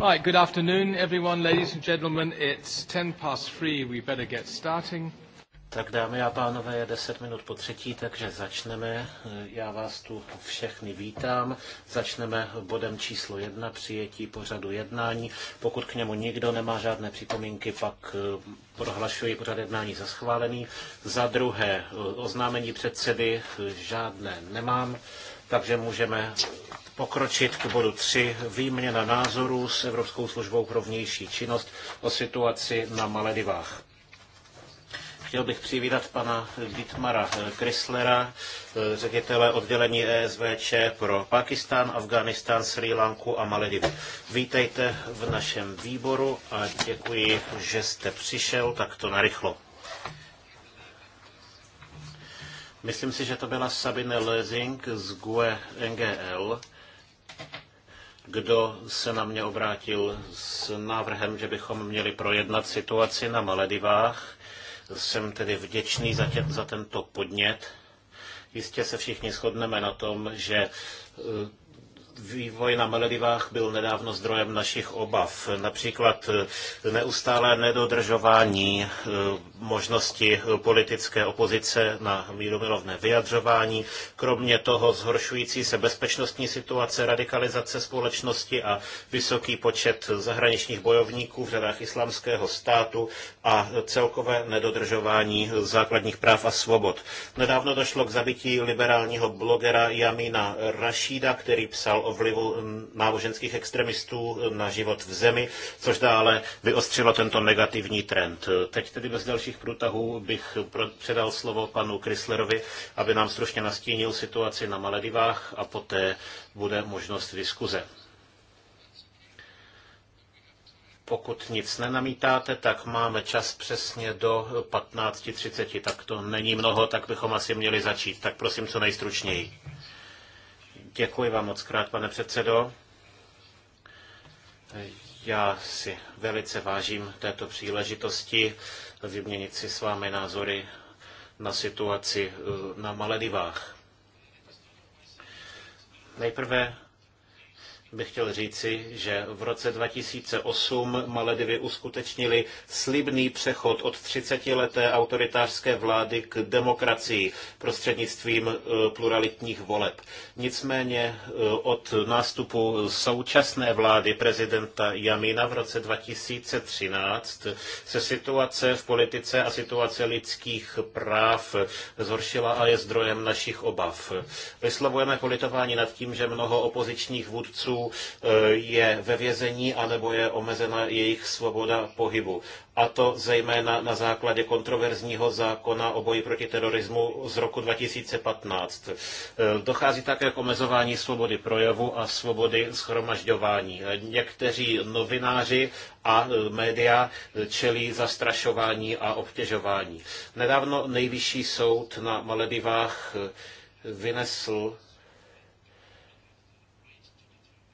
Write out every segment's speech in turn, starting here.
Right, good afternoon everyone, ladies and gentlemen. It's 10 past three, we better get starting. Tak dámy a pánové, je 10 minut po třetí, takže začneme. Já vás tu všechny vítám. Začneme bodem číslo jedna, přijetí pořadu jednání. Pokud k němu nikdo nemá žádné připomínky, pak eh, prohlašuji pořad jednání za schválený. Za druhé, eh, oznámení předsedy eh, žádné nemám, takže můžeme pokročit k bodu 3, výměna názorů s Evropskou službou pro vnější činnost o situaci na Maledivách. Chtěl bych přivítat pana Dietmara Kryslera, eh, ředitele oddělení ESVČ pro Pakistán, Afghánistán, Sri Lanku a Maledivy. Vítejte v našem výboru a děkuji, že jste přišel takto narychlo. Myslím si, že to byla Sabine Lezing z GUE NGL kdo se na mě obrátil s návrhem, že bychom měli projednat situaci na Maledivách. Jsem tedy vděčný za, tě, za tento podnět. Jistě se všichni shodneme na tom, že e, vývoj na Maledivách byl nedávno zdrojem našich obav. Například e, neustálé nedodržování e, možnosti eh, politické opozice na mírumilovné vyjadřování, kromě toho zhoršující se bezpečnostní situace, radikalizace společnosti a vysoký počet zahraničních bojovníků v řadách islámského státu a celkové nedodržování eh, základních práv a svobod. Nedávno došlo k zabití liberálního blogera Jamina Rashida, který psal o vlivu mm, náboženských extremistů eh, na život v zemi, což dále vyostřilo tento negativní trend. Teď tedy bez další dalších průtahů bych předal slovo panu Chryslerovi, aby nám stručně nastínil situaci na Maledivách a poté bude možnost diskuze. Pokud nic nenamítáte, tak máme čas přesně do 15.30, tak to není mnoho, tak bychom asi měli začít. Tak prosím, co nejstručněji. Děkuji vám moc krát, pane předsedo. Já si velice vážím této příležitosti vyměnit si s vámi názory na situaci eh, na Maledivách. Nejprve bych chtěl říci, že v roce 2008 Maledivy uskutečnili slibný přechod od 30-leté autoritářské vlády k demokracii prostřednictvím e, pluralitních voleb. Nicméně e, od nástupu současné vlády prezidenta Jamina v roce 2013 se situace v politice a situace lidských práv zhoršila a je zdrojem našich obav. Vyslovujeme politování nad tím, že mnoho opozičních vůdců Eh, je ve vězení anebo je omezena jejich svoboda pohybu. A to zejména na základě kontroverzního zákona o boji proti terorismu z roku 2015. Eh, dochází také k omezování svobody projevu a svobody schromažďování. Eh, někteří novináři a média čelí zastrašování a obtěžování. Nedávno nejvyšší soud na Maledivách vynesl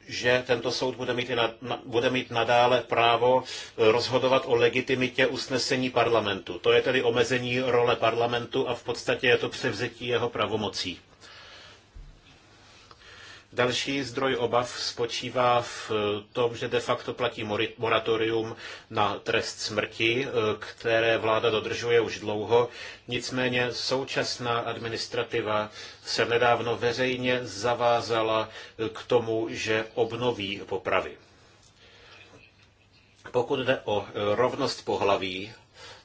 že tento soud bude mít, i na, na, bude mít nadále právo eh, rozhodovat o legitimitě usnesení parlamentu. To je tedy omezení role parlamentu a v podstatě je to převzetí jeho pravomocí. Další zdroj obav spočívá v tom, že de facto platí moratorium na trest smrti, eh, které vláda dodržuje už dlouho. Nicméně současná administrativa se nedávno veřejně zavázala eh, k tomu, že obnoví popravy. Pokud jde o eh, rovnost pohlaví,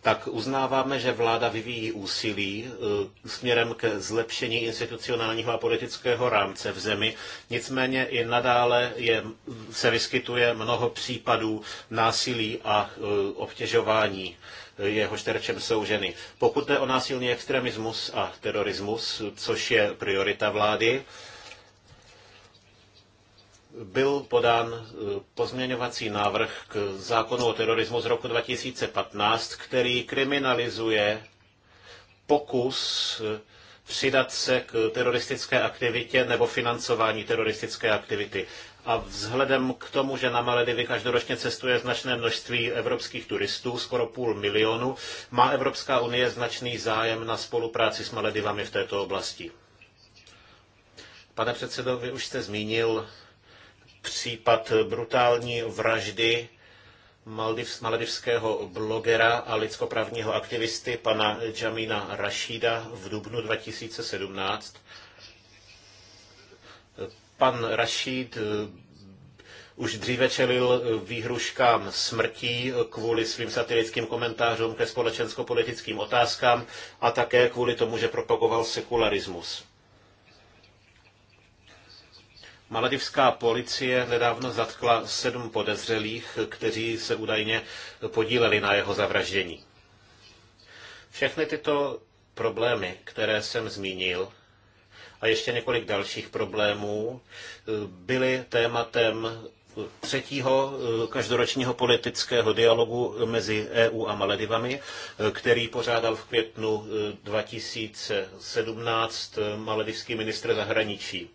tak uznáváme, že vláda vyvíjí úsilí e, směrem k zlepšení institucionálního a politického rámce v zemi. Nicméně i nadále je, se vyskytuje mnoho případů násilí a e, obtěžování e, jehož terčem jsou ženy. Pokud jde o násilný extremismus a terorismus, což je priorita vlády, byl podán e, pozměňovací návrh k zákonu o terorismu z roku 2015, který kriminalizuje pokus e, přidat se k teroristické aktivitě nebo financování teroristické aktivity. A vzhledem k tomu, že na Maledivy každoročně cestuje značné množství evropských turistů, skoro půl milionu, má Evropská unie značný zájem na spolupráci s Maledivami v této oblasti. Pane předsedo, vy už jste zmínil případ brutální vraždy Maldiv, maledivského blogera a lidskoprávního aktivisty pana Jamina Rashida v dubnu 2017. Pan Rashid eh, už dříve čelil výhruškám smrtí kvůli svým satirickým komentářům ke společensko-politickým otázkám a také kvůli tomu, že propagoval sekularismus. Maledivská policie nedávno zatkla sedm podezřelých, kteří se údajně podíleli na jeho zavraždění. Všechny tyto problémy, které jsem zmínil, a ještě několik dalších problémů, byly tématem třetího každoročního politického dialogu mezi EU a Maledivami, který pořádal v květnu 2017 eh, eh, maledivský ministr zahraničí.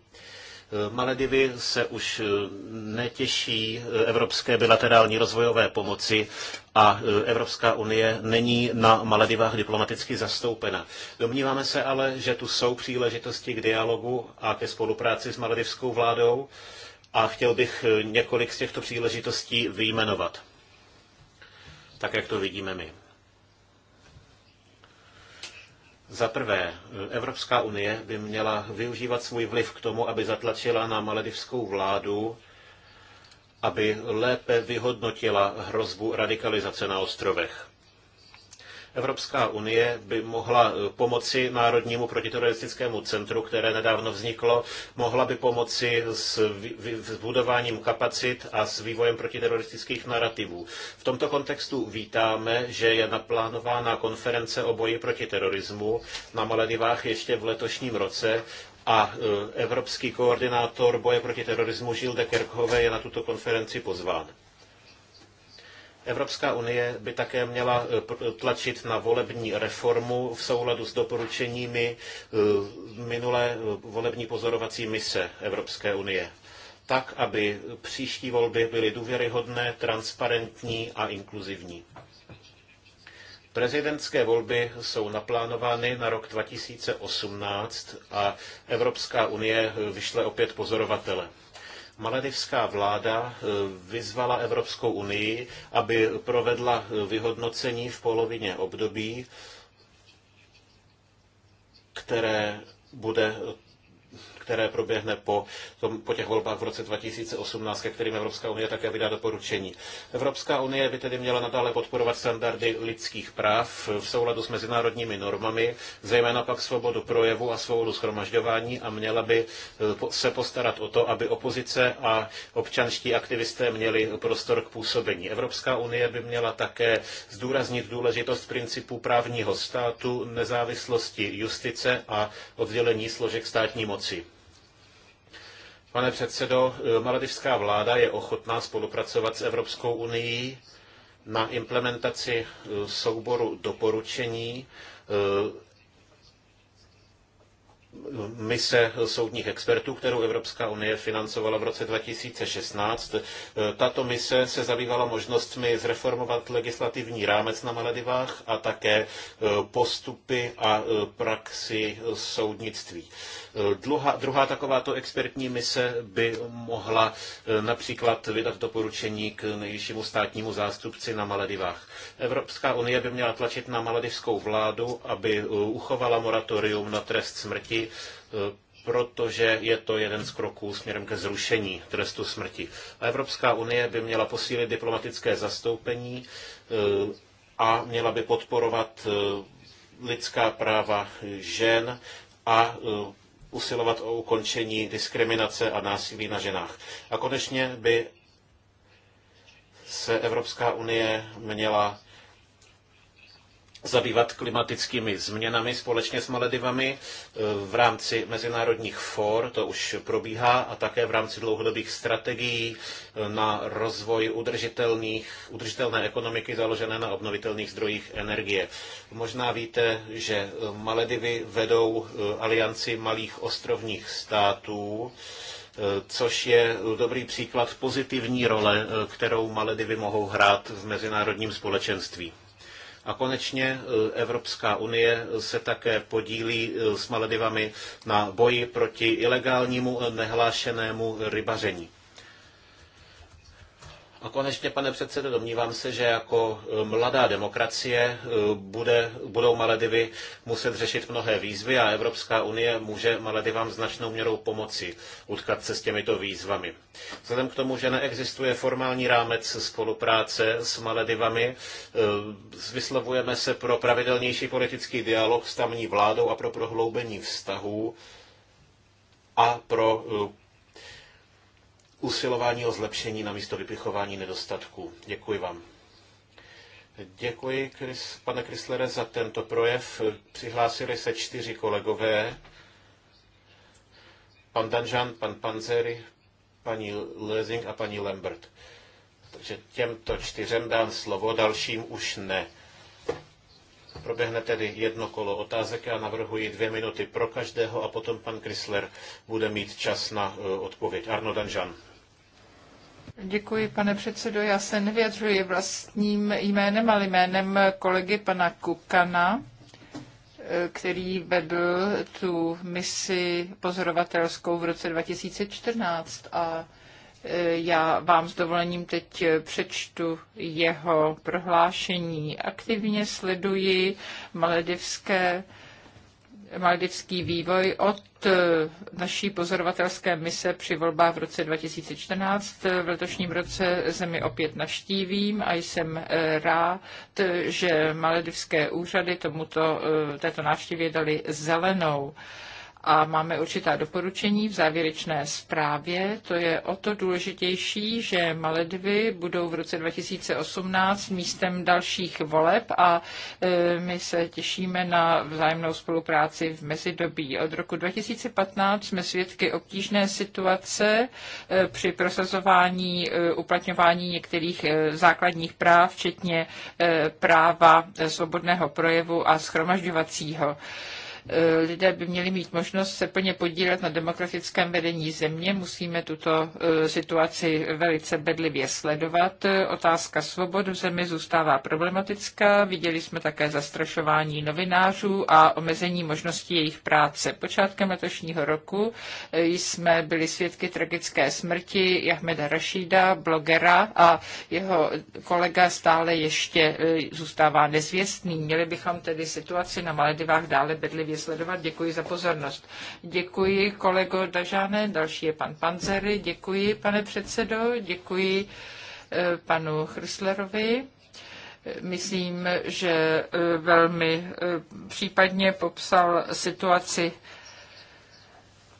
Eh, Maledivy se už eh, netěší eh, evropské bilaterální rozvojové pomoci a Evropská unie není na Maledivách diplomaticky zastoupena. Domníváme se ale, že tu jsou příležitosti k dialogu a ke spolupráci s maledivskou vládou a chtěl bych několik z těchto příležitostí vyjmenovat, tak jak to vidíme my. Za prvé, Evropská unie by měla využívat svůj vliv k tomu, aby zatlačila na maledivskou vládu, aby lépe vyhodnotila hrozbu radikalizace na ostrovech. Evropská unie by mohla eh, pomoci Národnímu protiteroristickému centru, které nedávno vzniklo, mohla by pomoci s, s budováním kapacit a s vývojem protiteroristických narrativů. V tomto kontextu vítáme, že je naplánována konference o boji proti terorismu na Maledivách ještě v letošním roce, a eh, evropský koordinátor boje proti terorismu Gilles de Kerkhove je na tuto konferenci pozván. Evropská unie by také měla eh, tlačit na volební reformu v souladu s doporučeními eh, minulé eh, volební pozorovací mise Evropské unie tak, aby příští volby byly důvěryhodné, transparentní a inkluzivní. Prezidentské volby jsou naplánovány na rok 2018 a Evropská unie vyšle opět pozorovatele. Maledivská vláda eh, vyzvala Evropskou unii, aby provedla eh, vyhodnocení v polovině období, které bude které proběhne po, tom, po těch volbách v roce 2018, ke kterým Evropská unie také vydá doporučení. Evropská unie by tedy měla nadále podporovat standardy lidských práv v souladu s mezinárodními normami, zejména pak svobodu projevu a svobodu schromažďování a měla by eh, se postarat o to, aby opozice a občanští aktivisté měli prostor k působení. Evropská unie by měla také zdůraznit důležitost principů právního státu, nezávislosti justice a oddělení složek státní moci. Pane předsedo, e, maledivská vláda je ochotná spolupracovat s Evropskou unií na implementaci e, souboru doporučení e, mise soudních expertů, kterou Evropská unie financovala v roce 2016. Tato mise se zabývala možnostmi zreformovat legislativní rámec na Maledivách a také postupy a praxi soudnictví. Dluha, druhá takováto expertní mise by mohla eh, například vydat doporučení k nejvyššímu státnímu zástupci na Maledivách. Evropská unie by měla tlačit na maledivskou vládu, aby eh, uchovala moratorium na trest smrti eh, protože je to jeden z kroků směrem ke zrušení trestu smrti. A Evropská unie by měla posílit diplomatické zastoupení a měla by podporovat lidská práva žen a usilovat o ukončení diskriminace a násilí na ženách. A konečně by se Evropská unie měla zabývat klimatickými změnami společně s Maledivami e, v rámci mezinárodních for, to už probíhá, a také v rámci dlouhodobých strategií e, na rozvoj udržitelných, udržitelné ekonomiky založené na obnovitelných zdrojích energie. Možná víte, že Maledivy vedou e, alianci malých ostrovních států, což je dobrý příklad pozitivní role, kterou Maledivy mohou hrát v mezinárodním společenství. A konečně e, Evropská unie e, se také podílí e, s Maledivami na boji proti ilegálnímu nehlášenému rybaření. A konečně, pane předsedo, domnívám se, že jako e, mladá demokracie e, bude, budou Maledivy muset řešit mnohé výzvy a Evropská unie může Maledivám značnou měrou pomoci utkat se s těmito výzvami. Vzhledem k tomu, že neexistuje formální rámec spolupráce s Maledivami, e, vyslovujeme se pro pravidelnější politický dialog s tamní vládou a pro prohloubení vztahů a pro usilování o zlepšení na místo vypichování nedostatků. Děkuji vám. Děkuji, Chris, pane Krislere, za tento projev. Přihlásili se čtyři kolegové. Pan Danžan, pan Panzeri, paní Lezing a paní Lambert. Takže těmto čtyřem dám slovo, dalším už ne. Proběhne tedy jedno kolo otázek. Já navrhuji dvě minuty pro každého a potom pan Chrysler bude mít čas na eh, odpověď. Arno Danžan. Děkuji, pane předsedo. Já se nevyjadřuji vlastním jménem, ale jménem kolegy pana Kukana, který vedl tu misi pozorovatelskou v roce 2014 a e, já vám s dovolením teď přečtu jeho prohlášení. Aktivně sleduji maledivské, maledivský vývoj od Eh, naší pozorovatelské mise při volbách v roce 2014. V letošním roce zemi opět navštívím a jsem eh, rád, že maledivské úřady tomuto, eh, této návštěvě dali zelenou a máme určitá doporučení v závěrečné zprávě. To je o to důležitější, že Maledivy budou v roce 2018 místem dalších voleb a e, my se těšíme na vzájemnou spolupráci v mezidobí. Od roku 2015 jsme svědky obtížné situace e, při prosazování e, uplatňování některých základních práv, včetně práva svobodného projevu a schromažďovacího. Eh, lidé by měli mít možnost se plně podílet na demokratickém vedení země. Musíme tuto eh, situaci velice bedlivě sledovat. Otázka svobod v zemi zůstává problematická. Viděli jsme také zastrašování novinářů a omezení možností jejich práce. Počátkem letošního roku eh, jsme byli svědky tragické smrti Jahmeda Rašída, blogera a jeho kolega stále ještě zůstává nezvěstný. Měli bychom tedy situaci na Maledivách dále bedlivě bude sledovat. Děkuji za pozornost. Děkuji kolego Dažáne, další je pan Panzery. Děkuji, pane předsedo, děkuji eh, panu Chryslerovi. Myslím, že eh, velmi eh, případně popsal situaci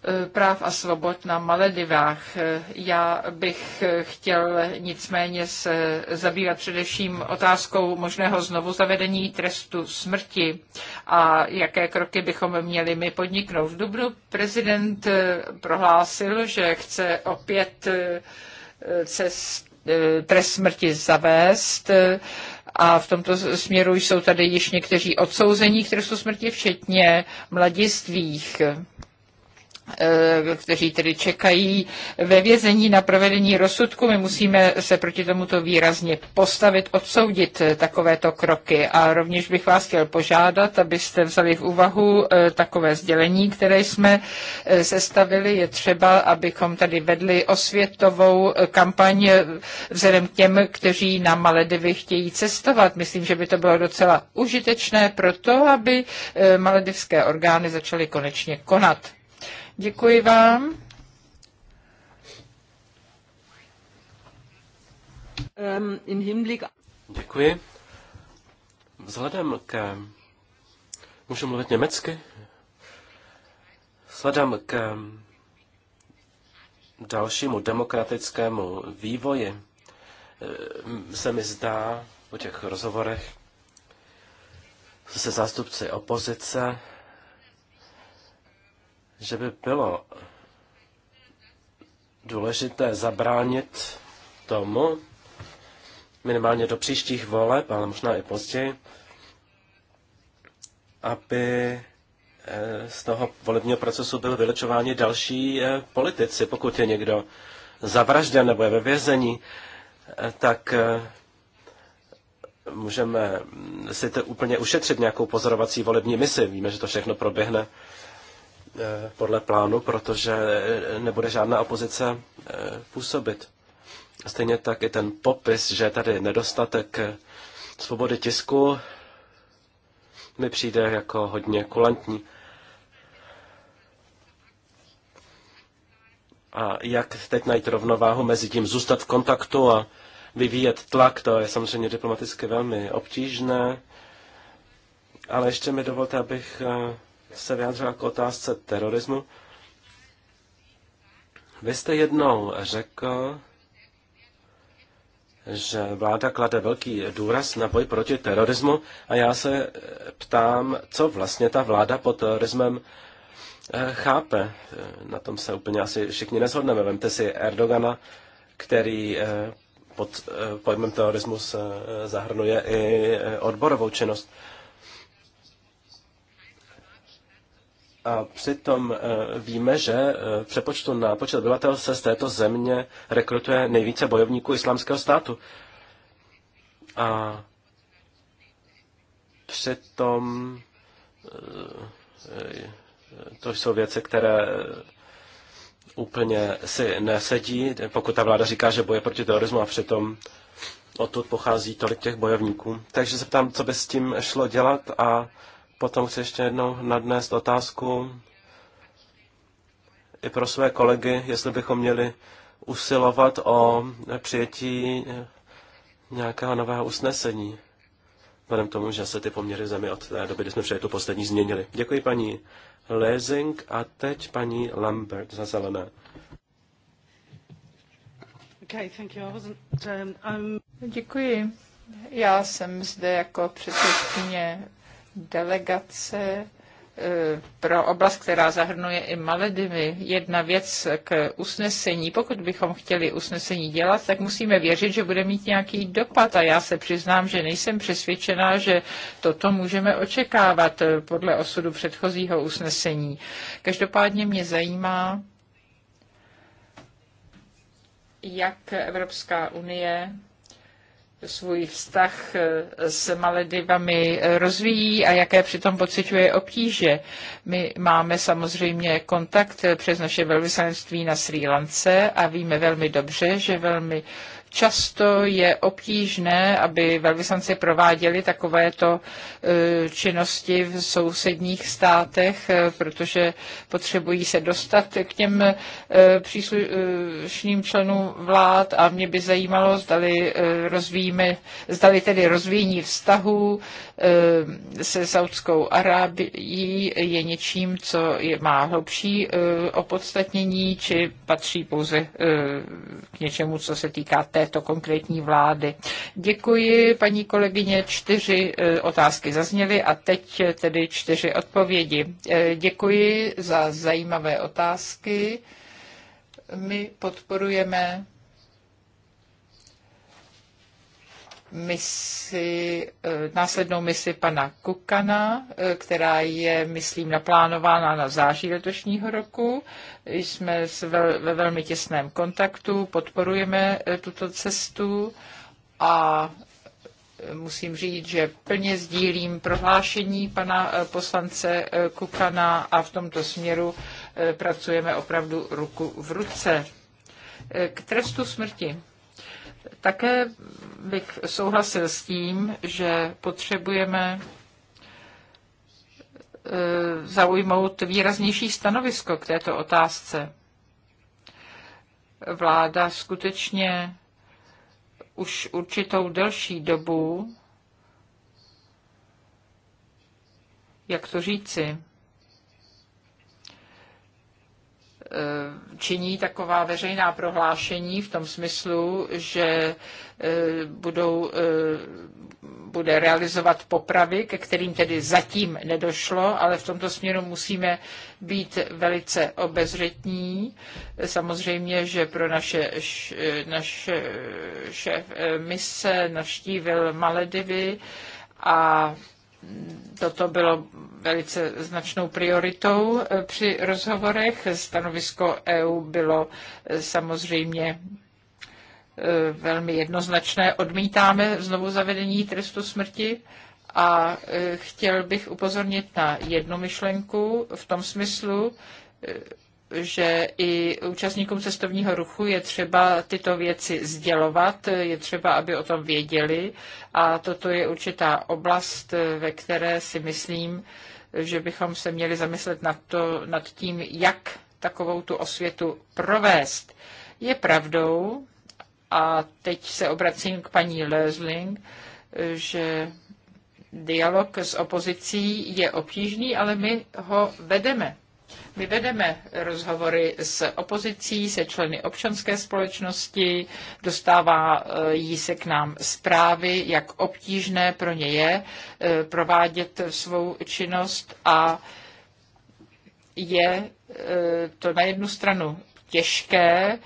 Eh, práv a svobod na Maledivách. Eh, já bych eh, chtěl nicméně se zabývat především otázkou možného znovu zavedení trestu smrti a jaké kroky bychom měli my podniknout. V Dubnu prezident prohlásil, že chce opět cest, trest smrti zavést a v tomto směru jsou tady již někteří odsouzení k trestu smrti, včetně mladistvých. Eh, kteří tedy čekají ve vězení na provedení rozsudku. My musíme se proti tomuto výrazně postavit, odsoudit eh, takovéto kroky. A rovněž bych vás chtěl požádat, abyste vzali v úvahu eh, takové sdělení, které jsme sestavili. Je třeba, abychom tady vedli osvětovou kampaň vzhledem k těm, kteří na Maledivy chtějí cestovat. Myslím, že by to bylo docela užitečné pro to, aby maledivské orgány začaly konečně konat. Děkuji vám. Um, Děkuji. Vzhledem k... Můžu mluvit německy? Vzhledem k dalšímu demokratickému vývoji eh, se mi zdá po těch rozhovorech se zástupci opozice, že by bylo důležité zabránit tomu, minimálně do příštích voleb, ale možná i později, aby eh, z toho volebního procesu byly vylečováni další eh, politici. Pokud je někdo zavražděn nebo je ve vězení, eh, tak můžeme si to úplně ušetřit nějakou pozorovací volební misi. Víme, že to všechno proběhne Eh, podle plánu, protože nebude žádná opozice eh, působit. Stejně tak i ten popis, že tady nedostatek eh, svobody tisku mi přijde jako hodně kulantní. A jak teď najít rovnováhu mezi tím zůstat v kontaktu a vyvíjet tlak, to je samozřejmě diplomaticky velmi obtížné. Ale ještě mi dovolte, abych se vyjádřila k otázce terorismu. Vy jste jednou řekl, že vláda klade velký důraz na boj proti terorismu a já se ptám, co vlastně ta vláda pod terorismem eh, chápe. Eh, na tom se úplně asi všichni neshodneme. Vemte si Erdogana, který eh, pod pojmem terorismus zahrnuje i odborovou činnost. A přitom e, víme, že v e, přepočtu na počet obyvatel se z této země rekrutuje nejvíce bojovníků islámského státu. A přitom e, to jsou věci, které úplně si nesedí, pokud ta vláda říká, že boje proti terorismu a přitom odtud pochází tolik těch bojovníků. Takže se ptám, co by s tím šlo dělat a Potom chci ještě jednou nadnést otázku i pro své kolegy, jestli bychom měli usilovat o přijetí nějakého nového usnesení. Vzhledem tomu, že se ty poměry zemi od té doby, kdy jsme přijeli tu poslední, změnili. Děkuji paní Lezing a teď paní Lambert za zelené. Okay, thank you. I wasn't, um, I'm... Děkuji. Já jsem zde jako předsedkyně delegace eh, pro oblast, která zahrnuje i Maledivy. Jedna věc k usnesení. Pokud bychom chtěli usnesení dělat, tak musíme věřit, že bude mít nějaký dopad. A já se přiznám, že nejsem přesvědčená, že toto můžeme očekávat eh, podle osudu předchozího usnesení. Každopádně mě zajímá, jak Evropská unie svůj vztah eh, s Maledivami eh, rozvíjí a jaké přitom pociťuje obtíže. My máme samozřejmě kontakt eh, přes naše velvyslanectví na Sri Lance a víme velmi dobře, že velmi Často je obtížné, aby velvyslanci prováděli takovéto e, činnosti v sousedních státech, e, protože potřebují se dostat k těm e, příslušným členům vlád a mě by zajímalo, zdali, rozvíjíme, zdali tedy rozvíjení vztahů se Saudskou Arábií je něčím, co je, má hlubší opodstatnění, či patří pouze k něčemu, co se týká té této konkrétní vlády. Děkuji, paní kolegyně. Čtyři e, otázky zazněly a teď tedy čtyři odpovědi. E, děkuji za zajímavé otázky. My podporujeme misi, eh, následnou misi pana Kukana, eh, která je, myslím, naplánována na září letošního roku. Jsme ve velmi těsném kontaktu, podporujeme eh, tuto cestu a musím říct, že plně sdílím prohlášení pana poslance Kukana a v tomto směru pracujeme opravdu ruku v ruce. K trestu smrti také bych souhlasil s tím, že potřebujeme eh, zaujmout výraznější stanovisko k této otázce. Vláda skutečně už určitou delší dobu, jak to říci, Eh, činí taková veřejná prohlášení v tom smyslu, že eh, budou, eh, bude realizovat popravy, ke kterým tedy zatím nedošlo, ale v tomto směru musíme být velice obezřetní. Samozřejmě, že pro naše, naše šéf mise navštívil Maledivy a toto bylo velice značnou prioritou eh, při rozhovorech. Stanovisko EU bylo eh, samozřejmě eh, velmi jednoznačné. Odmítáme znovu zavedení trestu smrti a chtěl bych upozornit na jednu myšlenku v tom smyslu, že i účastníkům cestovního ruchu je třeba tyto věci sdělovat, je třeba, aby o tom věděli a toto je určitá oblast, ve které si myslím, že bychom se měli zamyslet nad, to, nad tím, jak takovou tu osvětu provést. Je pravdou, a teď se obracím k paní Lösling, že dialog s opozicí je obtížný, ale my ho vedeme. My vedeme rozhovory s opozicí, se členy občanské společnosti, dostává eh, jí se k nám zprávy, jak obtížné pro ně je eh, provádět svou činnost a je eh, to na jednu stranu těžké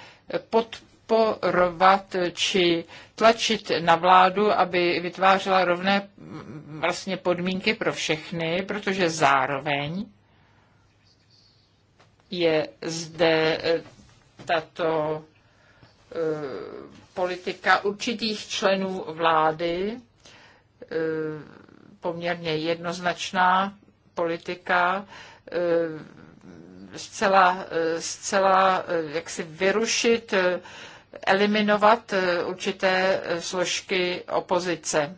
podporovat či tlačit na vládu, aby vytvářela rovné mm, vlastně podmínky pro všechny, protože zároveň je zde eh, tato eh, politika určitých členů vlády, eh, poměrně jednoznačná politika, zcela, zcela jak si vyrušit, eliminovat určité složky opozice.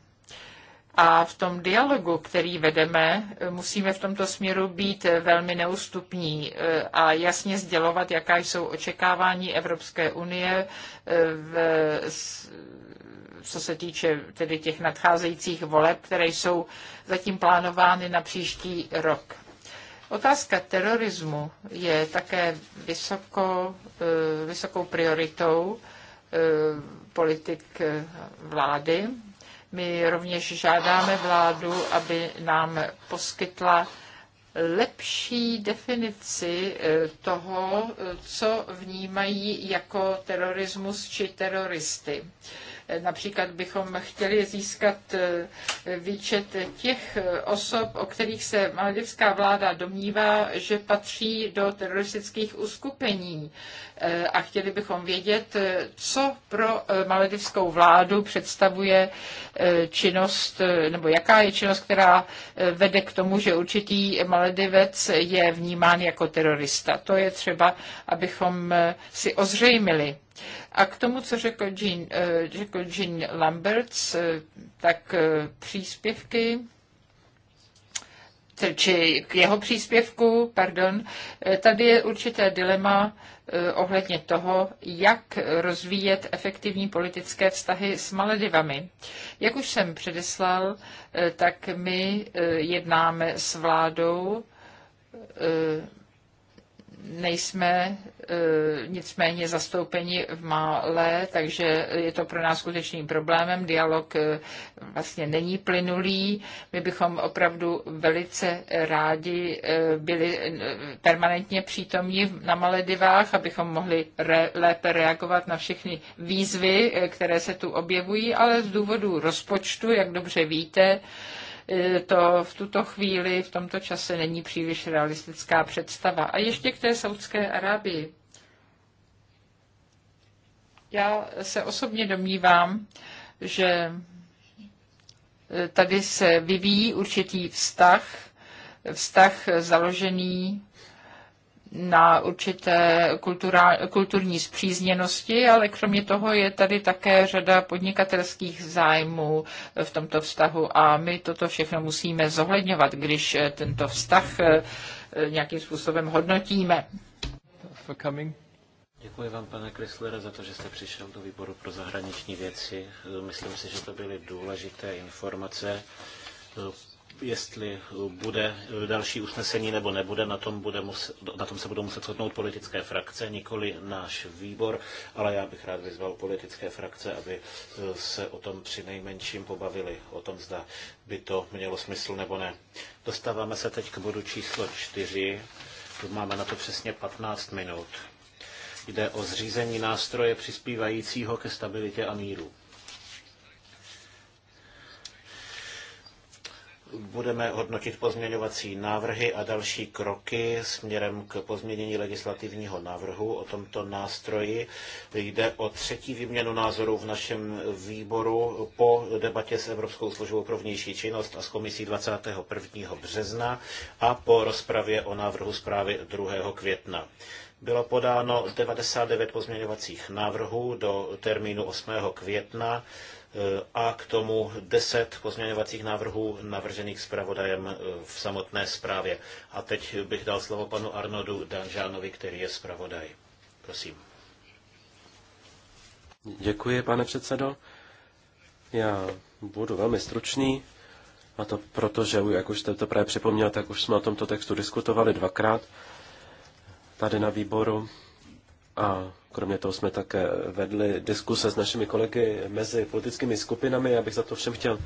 A v tom dialogu, který vedeme, musíme v tomto směru být velmi neustupní eh, a jasně sdělovat, jaká jsou očekávání Evropské unie eh, v, co se týče tedy těch nadcházejících voleb, které jsou zatím plánovány na příští rok. Otázka terorismu je také vysoko, eh, vysokou prioritou politik vlády my rovněž žádáme vládu, aby nám poskytla lepší definici eh, toho, eh, co vnímají jako terorismus či teroristy. Například bychom chtěli získat e, výčet těch osob, o kterých se maledivská vláda domnívá, že patří do teroristických uskupení. E, a chtěli bychom vědět, e, co pro maledivskou vládu představuje činnost, nebo jaká je činnost, která vede k tomu, že určitý maledivec je vnímán jako terorista. To je třeba, abychom si ozřejmili. A k tomu, co řekl Jean, eh, řekl Jean Lamberts, eh, tak eh, příspěvky či k jeho příspěvku, pardon, tady je určité dilema ohledně toho, jak rozvíjet efektivní politické vztahy s Maledivami. Jak už jsem předeslal, tak my jednáme s vládou nejsme e, nicméně zastoupeni v malé, takže je to pro nás skutečným problémem. Dialog e, vlastně není plynulý. My bychom opravdu velice rádi e, byli permanentně přítomní na Maledivách, abychom mohli re, lépe reagovat na všechny výzvy, které se tu objevují, ale z důvodu rozpočtu, jak dobře víte, to v tuto chvíli, v tomto čase není příliš realistická představa. A ještě k té Saudské Arábii. Já se osobně domnívám, že eh, tady se vyvíjí určitý vztah, vztah založený na určité kultura, kulturní zpřízněnosti, ale kromě toho je tady také řada podnikatelských zájmů v tomto vztahu a my toto všechno musíme zohledňovat, když eh, tento vztah eh, eh, nějakým způsobem hodnotíme. Děkuji vám, pane Kreslere, za to, že jste přišel do výboru pro zahraniční věci. Myslím si, že to byly důležité informace jestli eh, bude eh, další usnesení nebo nebude, na tom, bude muset, na tom se budou muset shodnout politické frakce, nikoli náš výbor, ale já bych rád vyzval politické frakce, aby eh, se o tom při nejmenším pobavili, o tom zda by to mělo smysl nebo ne. Dostáváme se teď k bodu číslo 4. Máme na to přesně 15 minut. Jde o zřízení nástroje přispívajícího ke stabilitě a míru. budeme hodnotit pozměňovací návrhy a další kroky směrem k pozměnění legislativního návrhu o tomto nástroji. Jde o třetí výměnu názorů v našem výboru po debatě s Evropskou službou pro vnější činnost a s komisí 21. března a po rozpravě o návrhu zprávy 2. května. Bylo podáno 99 pozměňovacích návrhů do termínu 8. května a k tomu deset pozměňovacích návrhů navržených zpravodajem e, v samotné zprávě. A teď bych dal slovo panu Arnodu Danžánovi, který je zpravodaj. Prosím. Děkuji, pane předsedo. Já budu velmi stručný, a to proto, že jak už jste to právě připomněl, tak už jsme o tomto textu diskutovali dvakrát tady na výboru a Kromě toho jsme také vedli diskuse s našimi kolegy mezi politickými skupinami. Já bych za to všem chtěl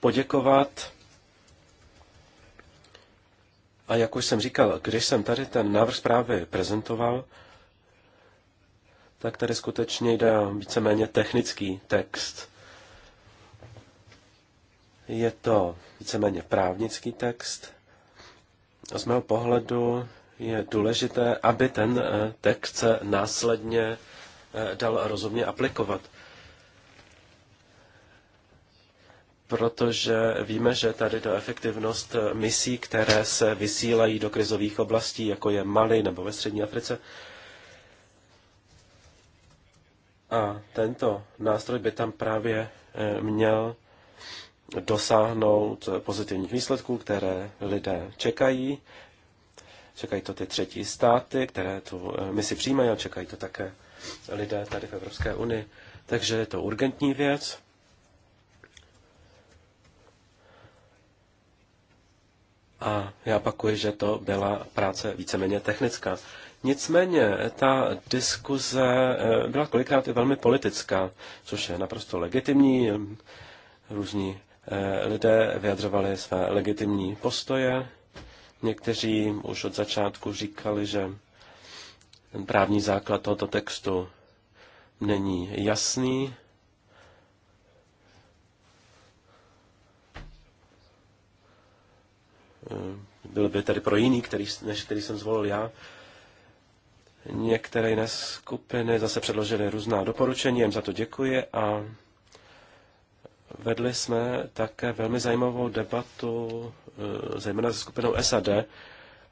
poděkovat. A jak už jsem říkal, když jsem tady ten návrh zprávy prezentoval, tak tady skutečně jde víceméně technický text. Je to víceméně právnický text. A z mého pohledu je důležité, aby ten eh, text se následně eh, dal rozumně aplikovat. Protože víme, že tady ta efektivnost eh, misí, které se vysílají do krizových oblastí, jako je Mali nebo ve Střední Africe, a tento nástroj by tam právě měl dosáhnout pozitivních výsledků, které lidé čekají čekají to ty třetí státy, které tu eh, misi přijímají a čekají to také lidé tady v Evropské unii. Takže je to urgentní věc. A já opakuji, že to byla práce víceméně technická. Nicméně ta diskuze eh, byla kolikrát i velmi politická, což je naprosto legitimní. Různí eh, lidé vyjadřovali své legitimní postoje. Někteří už od začátku říkali, že ten právní základ tohoto textu není jasný. Eh, byl by tedy pro jiný, který, než který jsem zvolil já. Některé jiné skupiny zase předložily různá doporučení, jim za to děkuji a Vedli jsme také velmi zajímavou debatu, eh, zejména se skupinou SAD,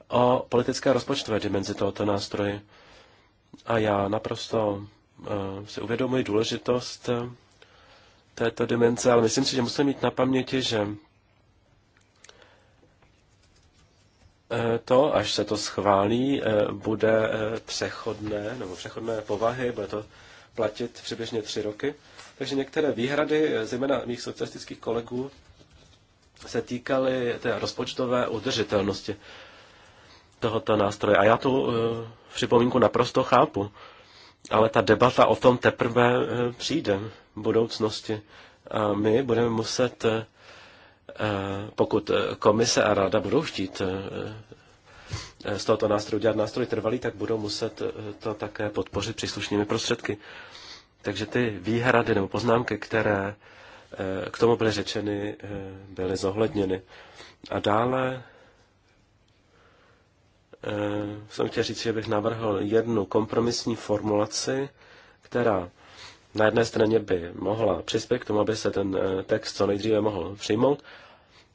o politické rozpočtové dimenzi tohoto nástroje. A já naprosto eh, si uvědomuji důležitost eh, této dimenze, ale myslím si, že musíme mít na paměti, že to, až se to schválí, bude přechodné, nebo přechodné povahy, bude to platit přibližně tři roky. Takže některé výhrady, eh, zejména mých socialistických kolegů, se týkaly té rozpočtové udržitelnosti tohoto nástroje. A já tu eh, připomínku naprosto chápu. Ale ta debata o tom teprve eh, přijde v budoucnosti. A my budeme muset, pokud komise a rada budou chtít z tohoto nástroje dělat nástroj trvalý, tak budou muset to také podpořit příslušnými prostředky. Takže ty výhrady nebo poznámky, které eh, k tomu byly řečeny, eh, byly zohledněny. A dále eh, jsem chtěl říct, že bych navrhl jednu kompromisní formulaci, která na jedné straně by mohla přispět k tomu, aby se ten text co nejdříve mohl přijmout,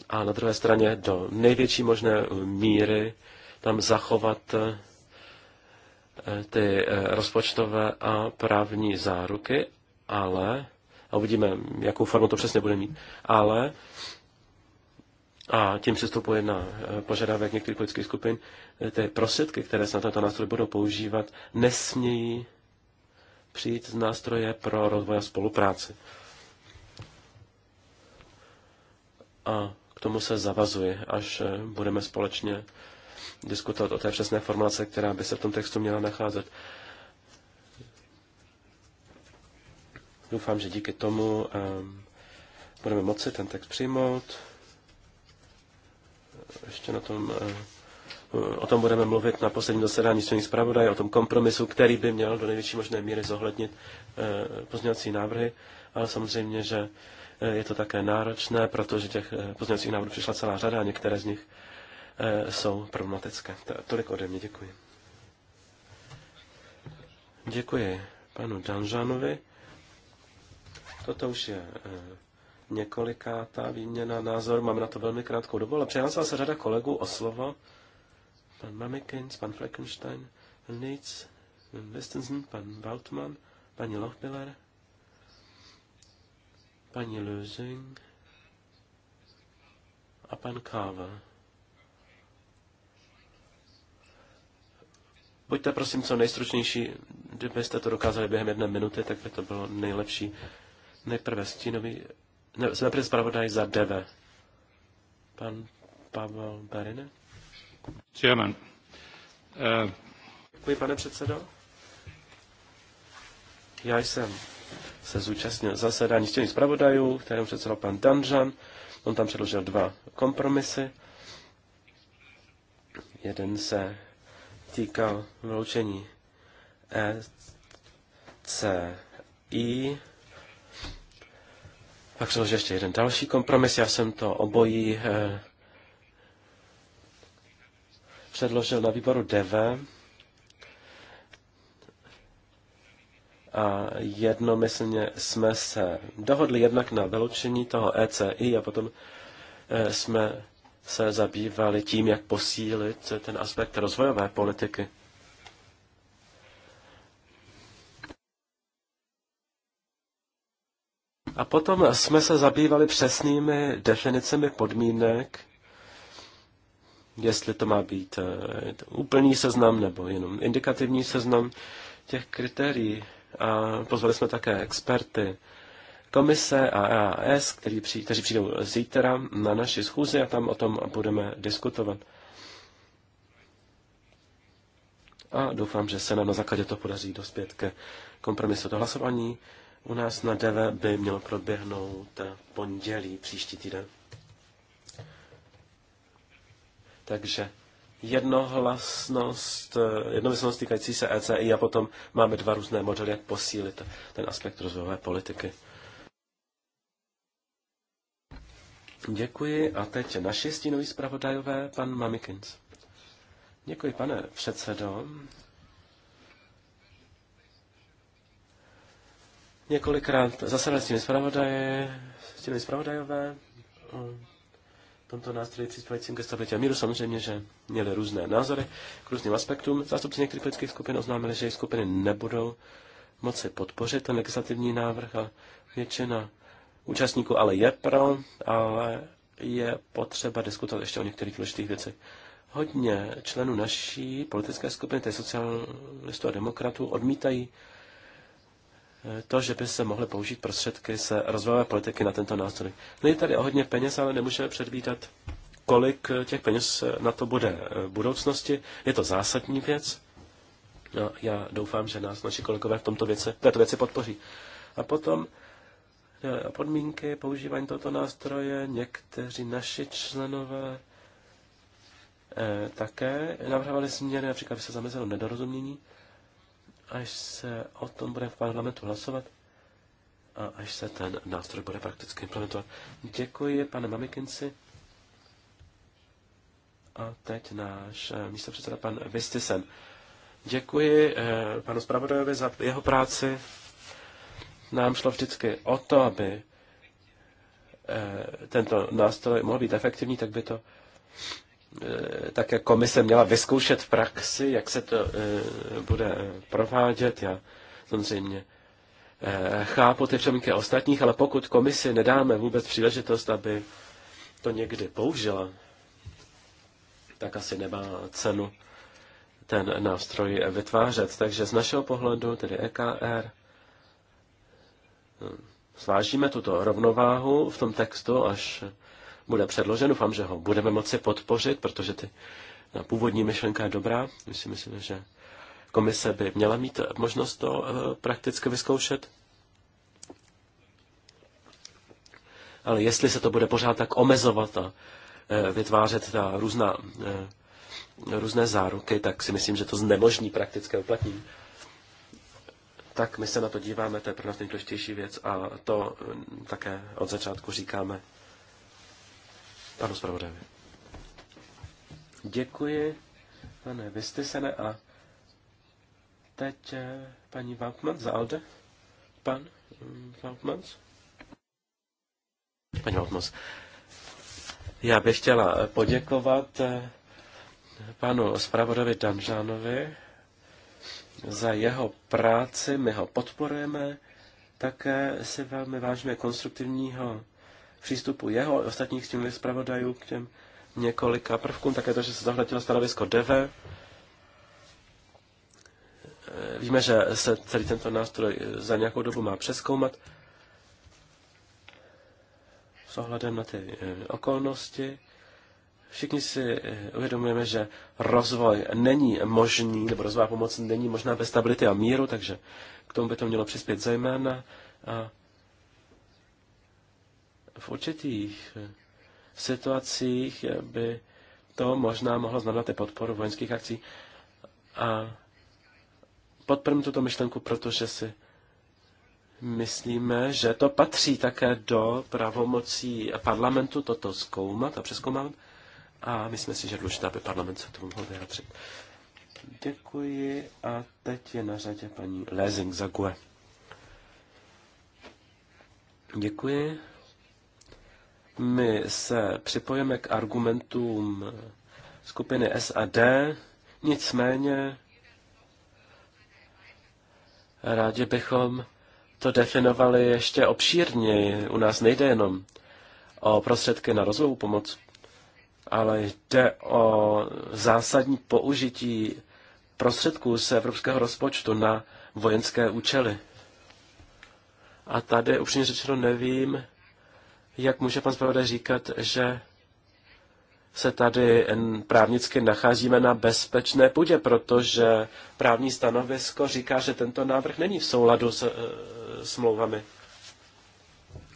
a na druhé straně do největší možné míry tam zachovat ty eh, rozpočtové a právní záruky, ale, a uvidíme, jakou formu to přesně bude mít, ale, a tím přistupuje na eh, požadavek některých politických skupin, eh, ty prostředky, které se na tento nástroj budou používat, nesmějí přijít z nástroje pro rozvoj a spolupráci. A k tomu se zavazuje, až budeme společně diskutovat o té přesné formulace, která by se v tom textu měla nacházet. Doufám, že díky tomu um, budeme moci ten text přijmout. Ještě na tom, uh, o tom budeme mluvit na posledním zasedání svých zpravodaje, o tom kompromisu, který by měl do největší možné míry zohlednit uh, pozměňovací návrhy, ale samozřejmě, že eh, je to také náročné, protože těch eh, pozměňovacích návrhů přišla celá řada a některé z nich Eh, jsou problematické. Tolik ode mě, děkuji. Děkuji panu Danžanovi. Toto už je eh, několikátá výměna názor. Mám na to velmi krátkou dobu, ale přihlásila se řada kolegů o slovo. Pan Mamikins, pan Fleckenstein, pan Neitz, pan Westensen, pan Waltman, paní Lochbiller, paní Lösing a pan Kava. Buďte prosím co nejstručnější, kdybyste to dokázali během jedné minuty, tak by to bylo nejlepší. Nejprve stínový, ne, nejprve zpravodaj za DV. Pan Pavel Berine. Chairman. Děkuji, pane předsedo. Já jsem se zúčastnil zasedání stěných zpravodajů, Kterým předsedal pan Danžan. On tam předložil dva kompromisy. Jeden se týkal vyloučení ECI. Pak přiložil ještě jeden další kompromis. Já jsem to obojí eh, předložil na výboru DV. A jednomyslně jsme se dohodli jednak na vyloučení toho ECI a potom eh, jsme se zabývali tím, jak posílit ten aspekt rozvojové politiky. A potom jsme se zabývali přesnými definicemi podmínek, jestli to má být eh, úplný seznam nebo jenom indikativní seznam těch kritérií. A pozvali jsme také experty komise a EAS, kteří, při, kteří přijdou zítra na naši schůzi a tam o tom budeme diskutovat. A doufám, že se nám na základě toho podaří dospět ke kompromisu. To hlasování u nás na DV by mělo proběhnout pondělí příští týden. Takže jednohlasnost, jednohlasnost týkající se ECI a potom máme dva různé modely, jak posílit ten aspekt rozvojové politiky. Děkuji a teď naši stínoví zpravodajové, pan Mamikins. Děkuji, pane předsedo. Několikrát zasedali stínoví zpravodaje, stínoví zpravodajové tomto nástroji přispívajícím ke stabilitě a míru. Samozřejmě, že měli různé názory k různým aspektům. Zástupci některých politických skupin oznámili, že jejich skupiny nebudou moci podpořit ten legislativní návrh a většina účastníků ale je pro, ale je potřeba diskutovat ještě o některých důležitých věcech. Hodně členů naší politické skupiny, tedy socialistů a demokratů, odmítají eh, to, že by se mohly použít prostředky se rozvojové politiky na tento nástroj. Není no, tady o hodně peněz, ale nemůžeme předvídat, kolik eh, těch peněz eh, na to bude v budoucnosti. Je to zásadní věc. No, já doufám, že nás naši kolegové v tomto věci, této věci podpoří. A potom Eh, podmínky používání tohoto nástroje. Někteří naši členové eh, také navrhovali směry, například by se zamezilo nedorozumění, až se o tom bude v parlamentu hlasovat a až se ten nástroj bude prakticky implementovat. Děkuji, pane Mamikinci. A teď náš eh, místopředseda pan Vistisen. Děkuji panu zpravodajovi za jeho práci. Nám šlo vždycky o to, aby eh, tento nástroj mohl být efektivní, tak by to eh, také komise měla vyzkoušet v praxi, jak se to eh, bude provádět. Já samozřejmě chápu ty přemýšlenky ostatních, ale pokud komisi nedáme vůbec příležitost, aby to někdy použila, tak asi nemá cenu ten nástroj vytvářet. Takže z našeho pohledu, tedy EKR, zvážíme tuto rovnováhu v tom textu, až bude předložen. Doufám, že ho budeme moci podpořit, protože ty na původní myšlenka je dobrá. My si myslíme, že komise by měla mít možnost to eh, prakticky vyzkoušet. Ale jestli se to bude pořád tak omezovat a eh, vytvářet ta různá, eh, různé záruky, tak si myslím, že to znemožní praktické uplatnění tak my se na to díváme, to je pro nás nejdůležitější věc a to mm, také od začátku říkáme panu zpravodajovi. Děkuji, pane Vystysene a teď eh, paní Vampman za Alde. Pan Vampmans? Mm, paní Vampmans. Já bych chtěla poděkovat eh, panu zpravodovi Danžánovi za jeho práci, my ho podporujeme, také si velmi vážíme konstruktivního přístupu jeho i ostatních stínových zpravodajů k těm několika prvkům, také to, že se zahletilo stanovisko DEVE. Víme, že se celý tento nástroj za nějakou dobu má přeskoumat s ohledem na ty eh, okolnosti. Všichni si uvědomujeme, že rozvoj není možný, nebo rozvoj pomoc není možná bez stability a míru, takže k tomu by to mělo přispět zejména. A v určitých situacích by to možná mohlo znamenat i podporu vojenských akcí. A podporím tuto myšlenku, protože si myslíme, že to patří také do pravomocí parlamentu toto zkoumat a přeskoumat a myslím si, že je důležité, aby parlament se tomu mohl vyjádřit. Děkuji a teď je na řadě paní Lézing Zague. Děkuji. My se připojeme k argumentům skupiny SAD, nicméně rádi bychom to definovali ještě obšírněji. U nás nejde jenom o prostředky na rozvojovou pomoc ale jde o zásadní použití prostředků z evropského rozpočtu na vojenské účely. A tady upřímně řečeno nevím, jak může pan zpravodaj říkat, že se tady právnicky nacházíme na bezpečné půdě, protože právní stanovisko říká, že tento návrh není v souladu s e, smlouvami.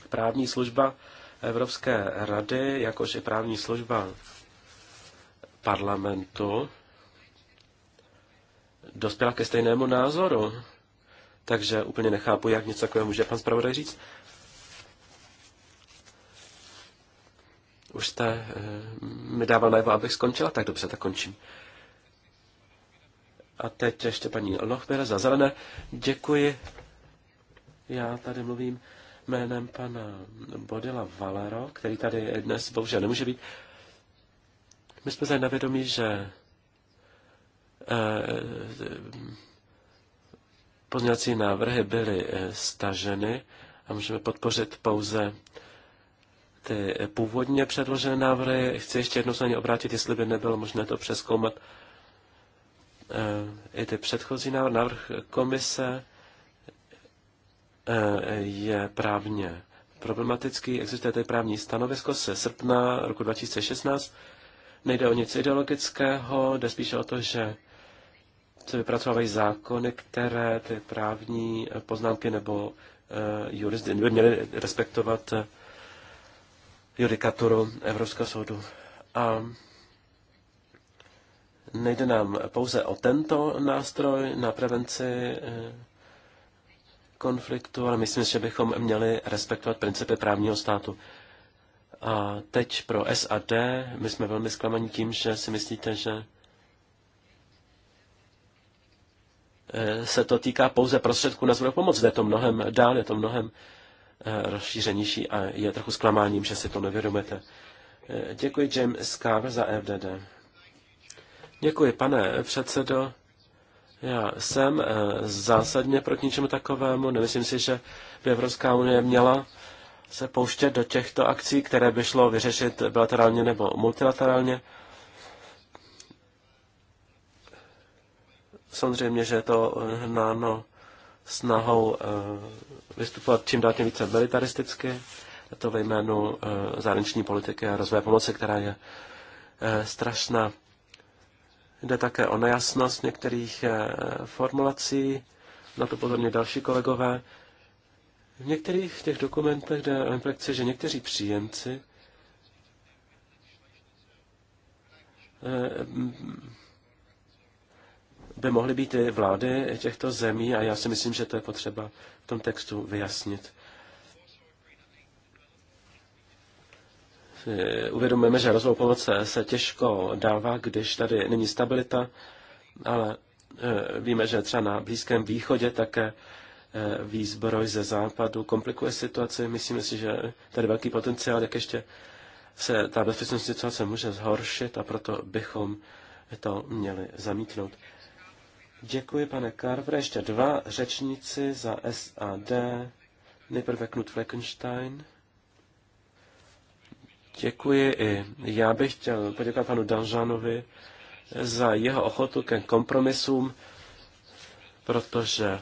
Právní služba Evropské rady, jakož i právní služba parlamentu, dospěla ke stejnému názoru. Takže úplně nechápu, jak něco takového může pan zpravodaj říct. Už jste e, mi dával najevo, abych skončila, tak dobře, tak končím. A teď ještě paní Lochbere za zelené. Děkuji. Já tady mluvím jménem pana Bodila Valero, který tady dnes bohužel nemůže být. My jsme zde navědomí, že eh, pozměňovací návrhy byly eh, staženy a můžeme podpořit pouze ty původně předložené návrhy. Chci ještě jednou se obrátit, jestli by nebylo možné to přeskoumat. Eh, I ty předchozí návrh, návrh komise Eh, je právně problematický. Existuje tady právní stanovisko se srpna roku 2016. Nejde o nic ideologického, jde spíše o to, že se vypracovávají zákony, které ty právní poznámky nebo eh, jurisdy by měly respektovat eh, judikaturu Evropského soudu. A nejde nám pouze o tento nástroj na prevenci konfliktu, ale myslím, že bychom měli respektovat principy právního státu. A teď pro SAD, my jsme velmi zklamaní tím, že si myslíte, že eh, se to týká pouze prostředků na zvrhu pomoc. Jde to mnohem dál, je to mnohem eh, rozšířenější a je trochu zklamáním, že si to nevědomujete. Eh, děkuji James Carver za FDD. Děkuji, pane předsedo. Já jsem eh, zásadně proti něčemu takovému. Nemyslím si, že by Evropská unie měla se pouštět do těchto akcí, které by šlo vyřešit bilaterálně nebo multilaterálně. Samozřejmě, že je to hnáno snahou eh, vystupovat čím dál tím více militaristicky, to ve jménu eh, zahraniční politiky a rozvoje pomoci, která je strašná. Jde také o nejasnost některých eh, formulací, na to pozorně další kolegové. V některých těch dokumentech jde o implikaci, že někteří příjemci eh, by mohly být i vlády těchto zemí a já si myslím, že to je potřeba v tom textu vyjasnit. si uvědomujeme, že rozvoj pomoc se těžko dává, když tady není stabilita, ale eh, víme, že třeba na Blízkém východě také eh, výzbroj ze západu komplikuje situaci. Myslíme si, že tady velký potenciál, jak ještě se ta bezpečnost situace může zhoršit a proto bychom to měli zamítnout. Děkuji, pane Carver. Ještě dva řečníci za SAD. Nejprve Knut Fleckenstein. Děkuji i já bych chtěl poděkovat panu Danžánovi za jeho ochotu ke kompromisům, protože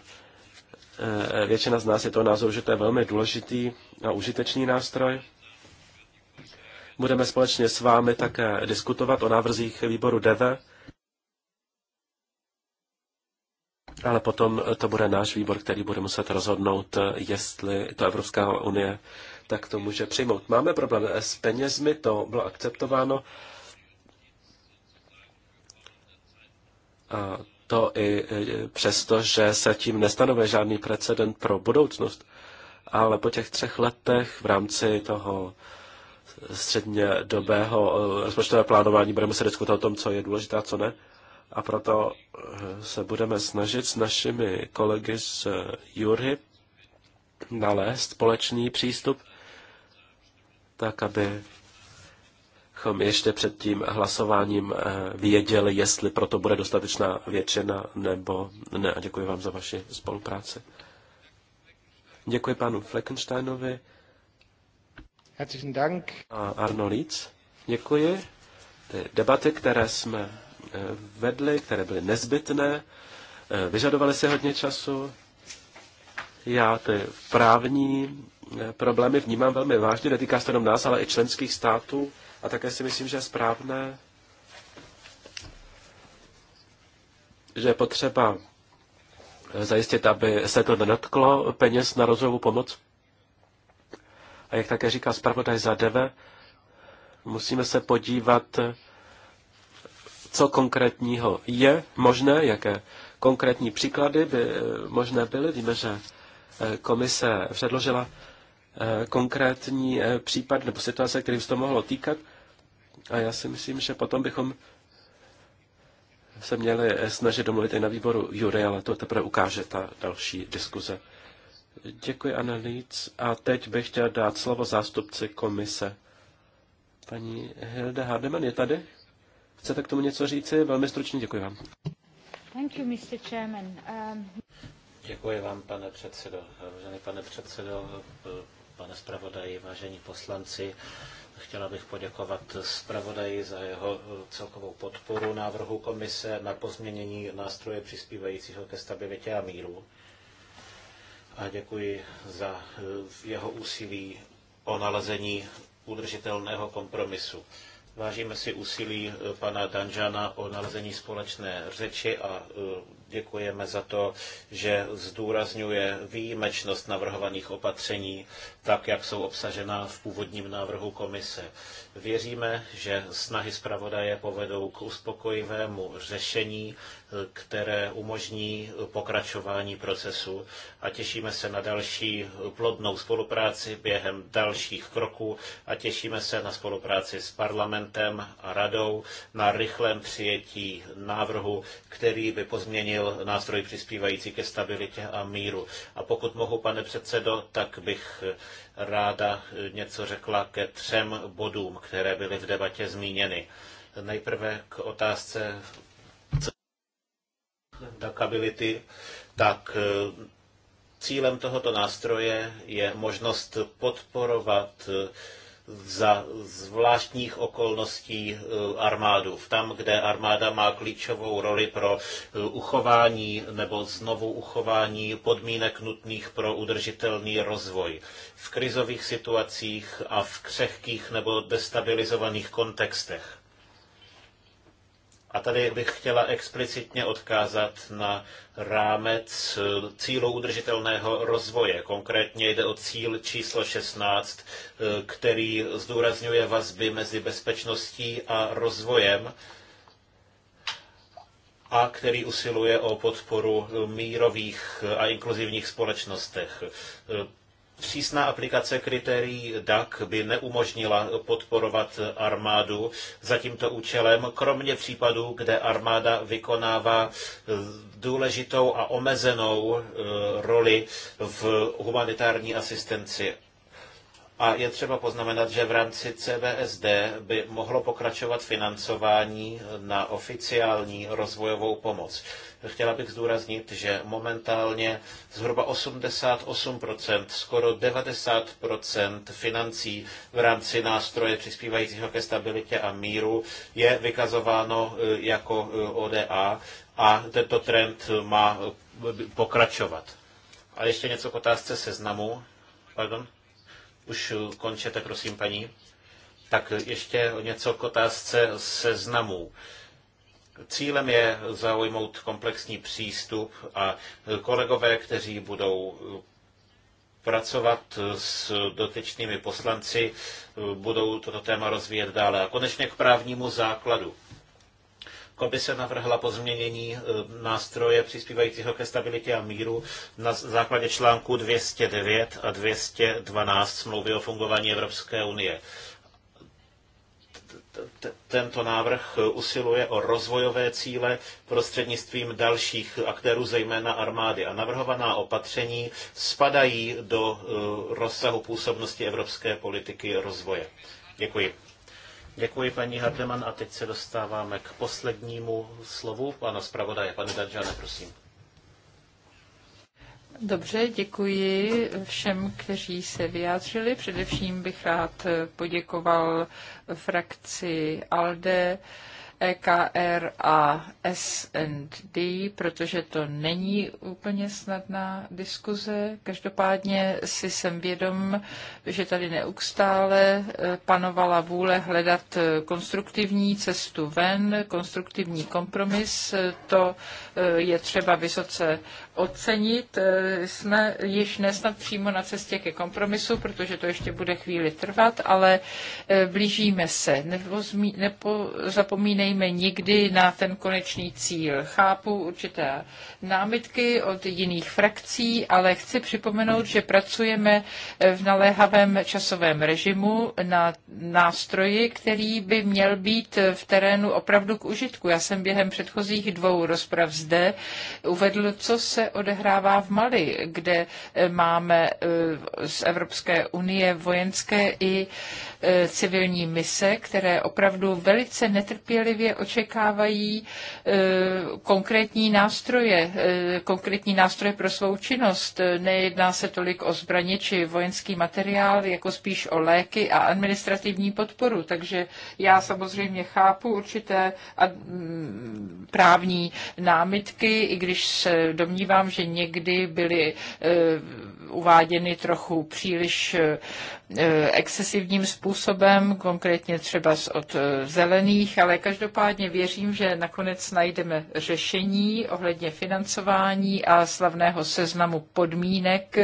eh, většina z nás je toho názoru, že to je velmi důležitý a užitečný nástroj. Budeme společně s vámi také diskutovat o návrzích výboru DEVE, ale potom to bude náš výbor, který bude muset rozhodnout, eh, jestli to Evropská unie tak to může přijmout. Máme problém s penězmi, to bylo akceptováno. A to i e, přesto, že se tím nestanovuje žádný precedent pro budoucnost. Ale po těch třech letech v rámci toho středně dobého e, rozpočtového plánování budeme se diskutovat o tom, co je důležité a co ne. A proto e, se budeme snažit s našimi kolegy z Jury nalézt společný přístup tak aby abychom ještě před tím hlasováním eh, věděli, jestli proto bude dostatečná většina nebo ne. A děkuji vám za vaši spolupráci. Děkuji panu Fleckensteinovi. Herzlichen Dank. A Arno Líc. Děkuji. Ty debaty, které jsme eh, vedli, které byly nezbytné, eh, vyžadovaly si hodně času. Já ty právní Eh, problémy vnímám velmi vážně, netýká se jenom nás, ale i členských států a také si myslím, že je správné, že je potřeba eh, zajistit, aby se to nenatklo peněz na rozvojovou pomoc. A jak také říká zpravodaj Zadeve, musíme se podívat, eh, co konkrétního je možné, jaké konkrétní příklady by možné byly. Víme, že komise předložila Eh, konkrétní eh, případ nebo situace, kterým se to mohlo týkat. A já si myslím, že potom bychom se měli eh, snažit domluvit i na výboru Jury, ale to teprve ukáže ta další diskuze. Děkuji, Anna Líc. A teď bych chtěl dát slovo zástupci komise. Paní Hilde Hardeman je tady? Chcete k tomu něco říci? Velmi stručně děkuji vám. Thank you, Mr. Chairman. Um... Děkuji vám, pane předsedo. Vážený pane předsedo, pane zpravodaji, vážení poslanci. Chtěla bych poděkovat zpravodaji za jeho eh, celkovou podporu návrhu komise na pozměnění nástroje přispívajícího ke stabilitě a míru. A děkuji za eh, jeho úsilí o nalezení udržitelného kompromisu. Vážíme si úsilí eh, pana Danžana o nalezení společné řeči a Děkujeme za to, že zdůrazňuje výjimečnost navrhovaných opatření, tak jak jsou obsažena v původním návrhu komise. Věříme, že snahy zpravodaje povedou k uspokojivému řešení, které umožní pokračování procesu a těšíme se na další plodnou spolupráci během dalších kroků a těšíme se na spolupráci s parlamentem a radou na rychlém přijetí návrhu, který by pozměnil byl nástroj přispívající ke stabilitě a míru. A pokud mohu, pane předsedo, tak bych eh, ráda eh, něco řekla ke třem bodům, které byly v debatě zmíněny. Nejprve k otázce dakability, tak eh, cílem tohoto nástroje je možnost podporovat za zvláštních okolností eh, armádu. Tam, kde armáda má klíčovou roli pro eh, uchování nebo znovu uchování podmínek nutných pro udržitelný rozvoj. V krizových situacích a v křehkých nebo destabilizovaných kontextech. A tady bych chtěla explicitně odkázat na rámec eh, cílů udržitelného rozvoje. Konkrétně jde o cíl číslo 16, eh, který zdůrazňuje vazby mezi bezpečností a rozvojem a který usiluje o podporu mírových a inkluzivních společnostech. Eh, Přísná aplikace kritérií DAC by neumožnila podporovat armádu za tímto účelem, kromě případů, kde armáda vykonává eh, důležitou a omezenou eh, roli v humanitární asistenci. A je třeba poznamenat, že v rámci CBSD by mohlo pokračovat financování na oficiální rozvojovou pomoc chtěla bych zdůraznit, že momentálně zhruba 88%, skoro 90% financí v rámci nástroje přispívajícího ke stabilitě a míru je vykazováno eh, jako eh, ODA a tento trend má eh, pokračovat. A ještě něco k otázce seznamu. Pardon? Už končete, prosím, paní. Tak ještě něco k otázce seznamů. Cílem je zaujmout komplexní přístup a kolegové, kteří budou pracovat s dotyčnými poslanci, budou toto téma rozvíjet dále. A konečně k právnímu základu. Komise navrhla pozměnění eh, nástroje přispívajícího ke stabilitě a míru na základě článku 209 a 212 smlouvy o fungování Evropské unie tento návrh e, usiluje o rozvojové cíle prostřednictvím dalších aktérů, zejména armády. A navrhovaná opatření spadají do e, rozsahu působnosti evropské politiky rozvoje. Děkuji. Děkuji, paní Hardeman. A teď se dostáváme k poslednímu slovu pana zpravodaje. Pane Danžane, prosím. Dobře, děkuji všem, kteří se vyjádřili. Především bych rád poděkoval frakci ALDE, EKR a SND, protože to není úplně snadná diskuze. Každopádně si jsem vědom, že tady neustále e, panovala vůle hledat konstruktivní cestu ven, konstruktivní kompromis. E, to e, je třeba vysoce ocenit. Eh, jsme již nesnad přímo na cestě ke kompromisu, protože to ještě bude chvíli trvat, ale eh, blížíme se. Nepozmí, nezapomínejme nikdy na ten konečný cíl. Chápu určité námitky od jiných frakcí, ale chci připomenout, že pracujeme eh, v naléhavém časovém režimu na nástroji, který by měl být v terénu opravdu k užitku. Já jsem během předchozích dvou rozprav zde uvedl, co se se odehrává v Mali, kde eh, máme eh, z Evropské unie vojenské i E, civilní mise, které opravdu velice netrpělivě očekávají e, konkrétní nástroje, e, konkrétní nástroje pro svou činnost. Nejedná se tolik o zbraně či vojenský materiál, jako spíš o léky a administrativní podporu. Takže já samozřejmě chápu určité mm, právní námitky, i když se domnívám, že někdy byly uváděny trochu příliš E, excesivním způsobem, konkrétně třeba od e, zelených, ale každopádně věřím, že nakonec najdeme řešení ohledně financování a slavného seznamu podmínek.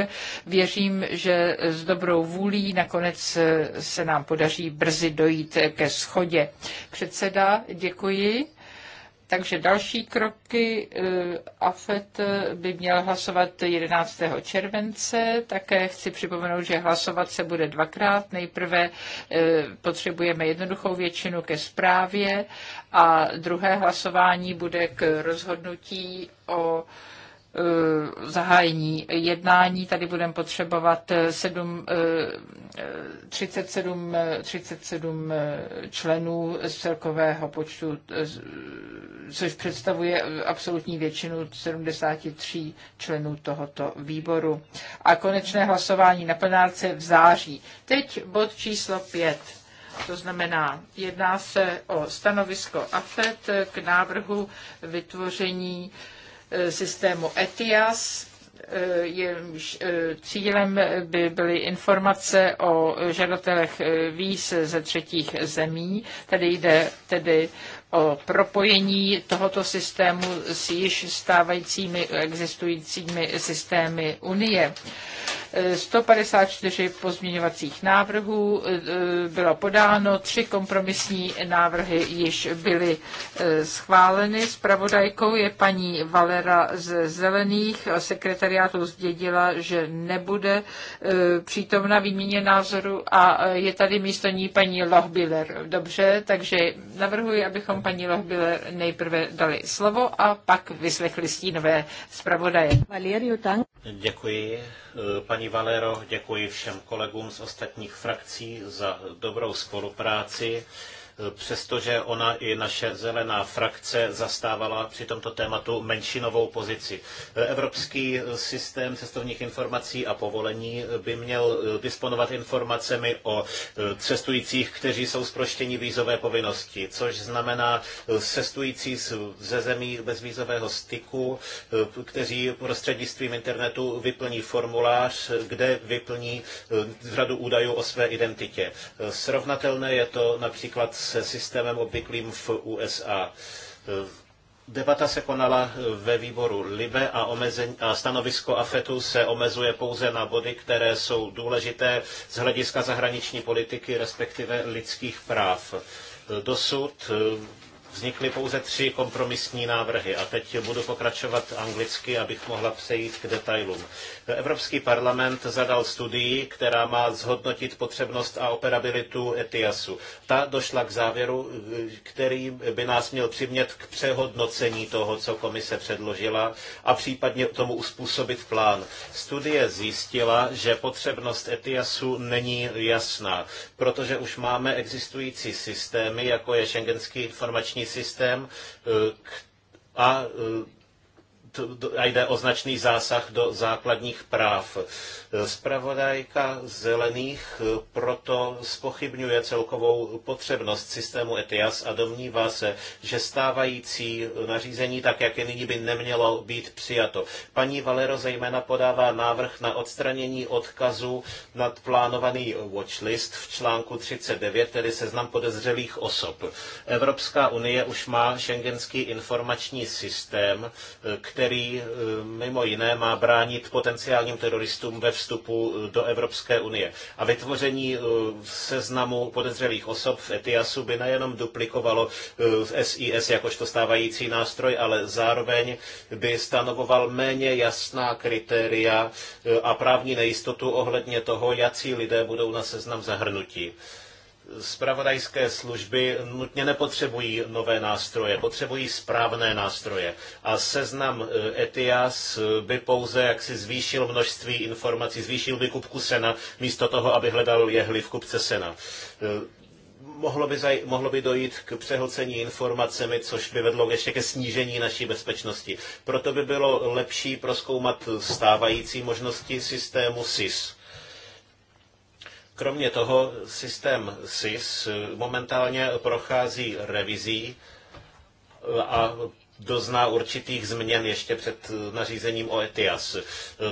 Věřím, že s dobrou vůlí nakonec e, se nám podaří brzy dojít ke schodě. Předseda, děkuji. Takže další kroky eh, AFET by měl hlasovat 11. července. Také chci připomenout, že hlasovat se bude dvakrát. Nejprve eh, potřebujeme jednoduchou většinu ke zprávě a druhé hlasování bude k rozhodnutí o Eh, zahájení jednání. Tady budeme potřebovat 7, 37, 37 členů z celkového počtu, eh, což představuje absolutní většinu 73 členů tohoto výboru. A konečné hlasování na plenárce v září. Teď bod číslo 5. To znamená, jedná se o stanovisko AFET k návrhu vytvoření uh, Eh, systému ETIAS, eh, jejímž eh, cílem by byly informace o žadatelech víz ze třetích zemí. Tady jde tedy o propojení tohoto systému s již stávajícími existujícími systémy Unie. 154 pozměňovacích návrhů e, bylo podáno, tři kompromisní návrhy již byly e, schváleny. Spravodajkou je paní Valera z Zelených. Sekretariátu zdědila, že nebude e, přítomna výměně názoru a je tady místo ní paní Lohbiller. Dobře, takže navrhuji, abychom paní Lohbiller nejprve dali slovo a pak vyslechli stínové zpravodaje. Děkuji. Eh, paní Valero, děkuji všem kolegům z ostatních frakcí za dobrou spolupráci přestože ona i naše zelená frakce zastávala při tomto tématu menšinovou pozici. Evropský systém cestovních informací a povolení by měl disponovat informacemi o e, cestujících, kteří jsou zproštěni vízové povinnosti, což znamená e, cestující ze zemí bezvízového styku, e, kteří prostřednictvím internetu vyplní formulář, kde vyplní řadu údajů o své identitě. Srovnatelné je to například s se systémem obvyklým v USA. Debata se konala ve výboru LIBE a, omezení, a stanovisko AFETu se omezuje pouze na body, které jsou důležité z hlediska zahraniční politiky, respektive lidských práv. Dosud eh, vznikly pouze tři kompromisní návrhy a teď budu pokračovat anglicky, abych mohla přejít k detailům. Evropský parlament zadal studii, která má zhodnotit potřebnost a operabilitu ETIASu. Ta došla k závěru, který by nás měl přimět k přehodnocení toho, co komise předložila a případně tomu uspůsobit plán. Studie zjistila, že potřebnost ETIASu není jasná, protože už máme existující systémy, jako je Schengenský informační systém, a a jde o značný zásah do základních práv. Spravodajka zelených eh, proto spochybňuje celkovou potřebnost systému ETIAS a domnívá se, že stávající nařízení, tak jak je nyní, by nemělo být přijato. Paní Valero zejména podává návrh na odstranění odkazu nad plánovaný watchlist v článku 39, tedy seznam podezřelých osob. Evropská unie už má šengenský informační systém, který eh, který eh, mimo jiné má bránit potenciálním teroristům ve vstupu eh, do Evropské unie. A vytvoření eh, seznamu podezřelých osob v ETIASu by nejenom duplikovalo SIS jakožto stávající nástroj, ale zároveň by stanovoval méně jasná kritéria a právní nejistotu ohledně toho, jací lidé budou na seznam zahrnutí. Spravodajské služby nutně nepotřebují nové nástroje, potřebují správné nástroje. A seznam eh, ETIAS by pouze jaksi zvýšil množství informací, zvýšil by kupku sena, místo toho, aby hledal jehly v kupce sena eh, mohlo by, zaj, mohlo by dojít k přehlcení informacemi, což by vedlo ještě ke snížení naší bezpečnosti. Proto by bylo lepší proskoumat stávající možnosti systému SIS Kromě toho systém SIS momentálně prochází revizí eh, a dozná určitých změn ještě před eh, nařízením o ETIAS. Eh,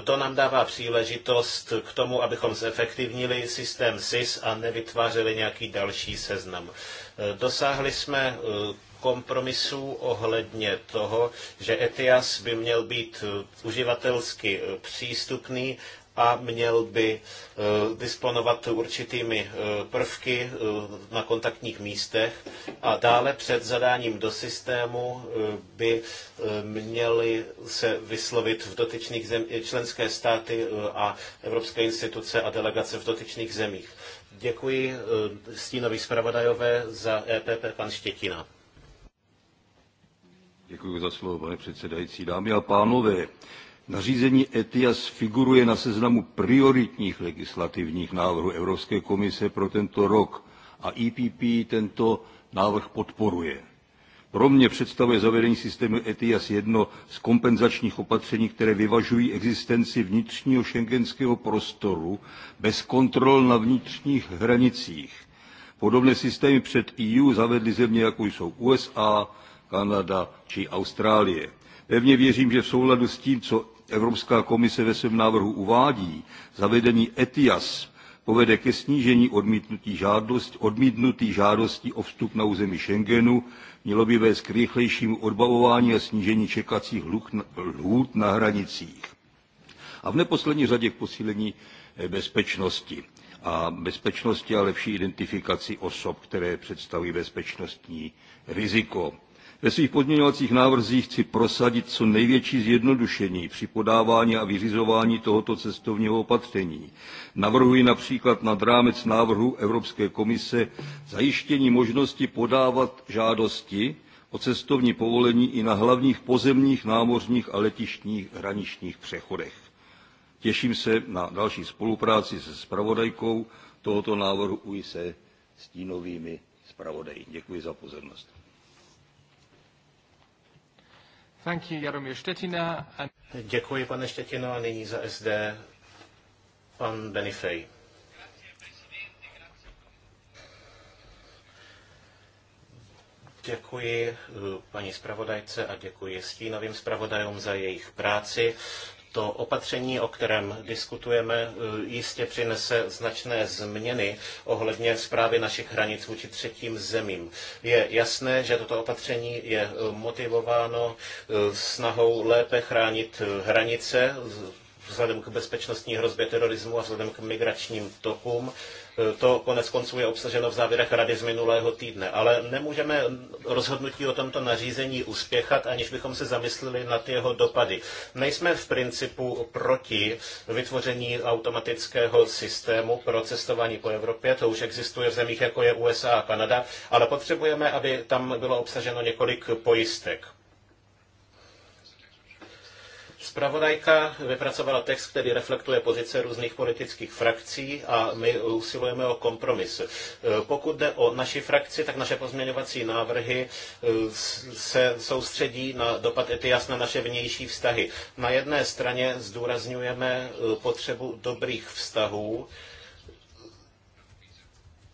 to nám dává příležitost k tomu, abychom zefektivnili systém SIS a nevytvářeli nějaký další seznam. Dosáhli jsme kompromisů ohledně toho, že ETIAS by měl být uživatelsky přístupný a měl by eh, disponovat určitými eh, prvky eh, na kontaktních místech a dále před zadáním do systému by měly se vyslovit v dotyčných zem, členské státy a evropské instituce a delegace v dotyčných zemích. Děkuji stínový zpravodajové za EPP pan Štětina. Děkuji za slovo, pane předsedající. Dámy a pánové, Nařízení ETIAS figuruje na seznamu prioritních legislativních návrhů Evropské komise pro tento rok a EPP tento návrh podporuje. Pro mě představuje zavedení systému ETIAS jedno z kompenzačních opatření, které vyvažují existenci vnitřního šengenského prostoru bez kontrol na vnitřních hranicích. Podobné systémy před EU zavedly země, jako jsou USA, Kanada či Austrálie. Pevně věřím, že v souladu s tím, co Evropská komise ve svém návrhu uvádí, zavedení ETIAS povede ke snížení odmítnutých žádost, odmítnutý žádostí o vstup na území Schengenu, mělo by vést k rychlejšímu odbavování a snížení čekacích lhůt na hranicích. A v neposlední řadě k posílení eh, bezpečnosti a bezpečnosti a lepší identifikaci osob, které představují bezpečnostní riziko. Ve svých pozměňovacích návrzích chci prosadit co největší zjednodušení při podávání a vyřizování tohoto cestovního opatření. Navrhuji například nad rámec návrhu Evropské komise zajištění možnosti podávat žádosti o cestovní povolení i na hlavních pozemních, námořních a letištních hraničních přechodech. Těším se na další spolupráci se zpravodajkou tohoto návrhu i se stínovými zpravodaji. Děkuji za pozornost. Thank you, Jaromír And... Děkuji, pane Štětino, a nyní za SD pan Benifej. Děkuji eh, paní zpravodajce a děkuji stínovým zpravodajům za jejich práci. To opatření, o kterém diskutujeme, e, jistě přinese značné změny ohledně zprávy našich hranic vůči třetím zemím. Je jasné, že toto opatření je e, motivováno e, snahou lépe chránit hranice vzhledem k bezpečnostní hrozbě terorismu a vzhledem k migračním tokům to konec konců je obsaženo v závěrech rady z minulého týdne. Ale nemůžeme rozhodnutí o tomto nařízení uspěchat, aniž bychom se zamysleli nad jeho dopady. Nejsme v principu proti vytvoření automatického systému pro cestování po Evropě. To už existuje v zemích, jako je USA a Kanada, ale potřebujeme, aby tam bylo obsaženo několik pojistek. Spravodajka vypracovala text, který reflektuje pozice různých politických frakcí a my usilujeme o kompromis. E, pokud jde o naši frakci, tak naše pozměňovací návrhy e, se soustředí na dopad ETIAS na naše vnější vztahy. Na jedné straně zdůrazňujeme e, potřebu dobrých vztahů,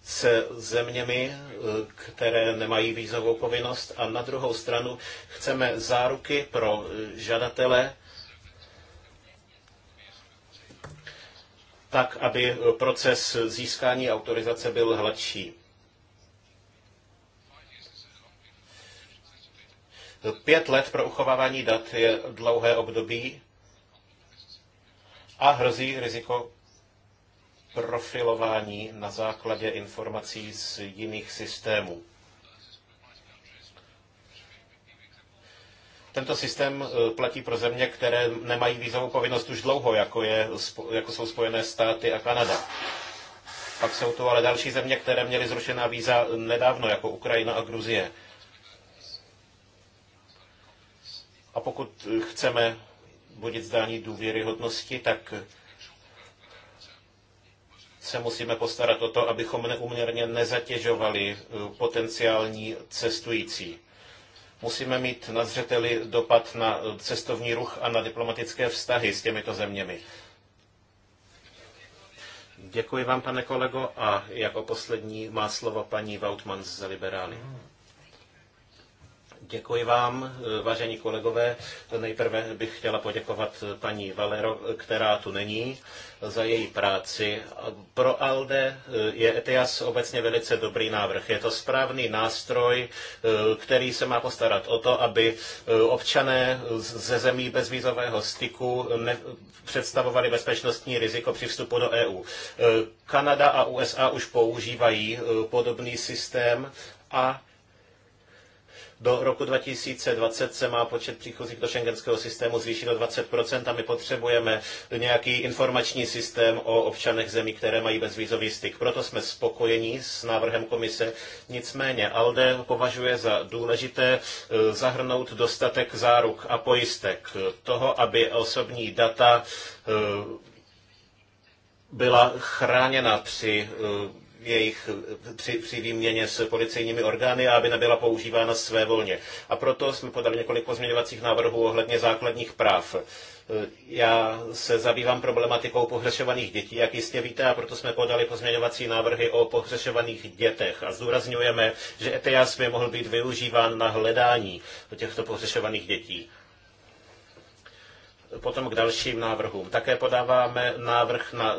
se zeměmi, které nemají vízovou povinnost a na druhou stranu chceme záruky pro žadatele tak, aby proces získání autorizace byl hladší. Pět let pro uchovávání dat je dlouhé období a hrozí riziko profilování na základě informací z jiných systémů. Tento systém eh, platí pro země, které nemají vízovou povinnost už dlouho, jako, je, jako jsou Spojené státy a Kanada. Pak jsou tu ale další země, které měly zrušená víza nedávno, jako Ukrajina a Gruzie. A pokud eh, chceme budit zdání důvěryhodnosti, tak se musíme postarat o to, abychom neuměrně nezatěžovali eh, potenciální cestující musíme mít na zřeteli dopad na eh, cestovní ruch a na diplomatické vztahy s těmito zeměmi. Děkuji vám, pane kolego, a jako poslední má slovo paní Vautman z Liberály. Hmm. Děkuji vám, eh, vážení kolegové. Nejprve bych chtěla poděkovat eh, paní Valero, která tu není, za její práci. Pro ALDE eh, je ETIAS obecně velice dobrý návrh. Je to správný nástroj, který se má postarat o to, aby občané ze zemí bezvízového styku představovali bezpečnostní riziko při vstupu do EU. Kanada a USA už používají podobný systém a do roku 2020 se má počet příchozích do šengenského systému zvýšit o 20% a my potřebujeme nějaký informační systém o občanech zemí, které mají bezvízový styk. Proto jsme spokojení s návrhem komise. Nicméně ALDE považuje za důležité eh, zahrnout dostatek záruk a pojistek toho, aby osobní data eh, byla chráněna při eh, jejich, při, při výměně s policejními orgány a aby nebyla používána svévolně. A proto jsme podali několik pozměňovacích návrhů ohledně základních práv. Já se zabývám problematikou pohřešovaných dětí, jak jistě víte, a proto jsme podali pozměňovací návrhy o pohřešovaných dětech. A zdůrazňujeme, že ETIAS by mohl být využíván na hledání těchto pohřešovaných dětí. Potom k dalším návrhům. Také podáváme návrh na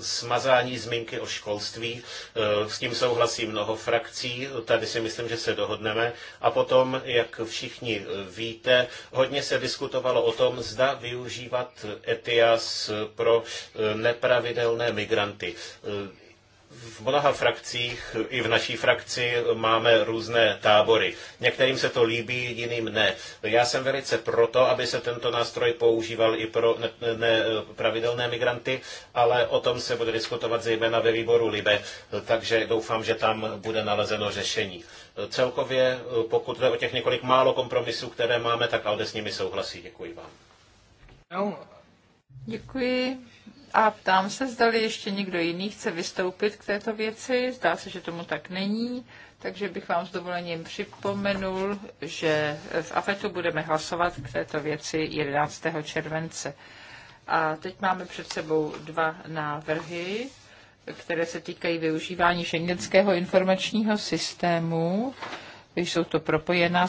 smazání zmínky o školství. E, s tím souhlasí mnoho frakcí, tady si myslím, že se dohodneme. A potom, jak všichni víte, hodně se diskutovalo o tom, zda využívat ETIAS pro e, nepravidelné migranty. E, v mnoha frakcích, i v naší frakci, máme různé tábory. Některým se to líbí, jiným ne. Já jsem velice proto, aby se tento nástroj používal i pro nepravidelné migranty, ale o tom se bude diskutovat zejména ve výboru LIBE, takže doufám, že tam bude nalezeno řešení. Celkově, pokud jde o těch několik málo kompromisů, které máme, tak Alde s nimi souhlasí. Děkuji vám. Děkuji. A ptám se, zdali ještě někdo jiný chce vystoupit k této věci. Zdá se, že tomu tak není, takže bych vám s dovolením připomenul, že v AFETu budeme hlasovat k této věci 11. července. A teď máme před sebou dva návrhy, které se týkají využívání šengenského informačního systému jsou to propojená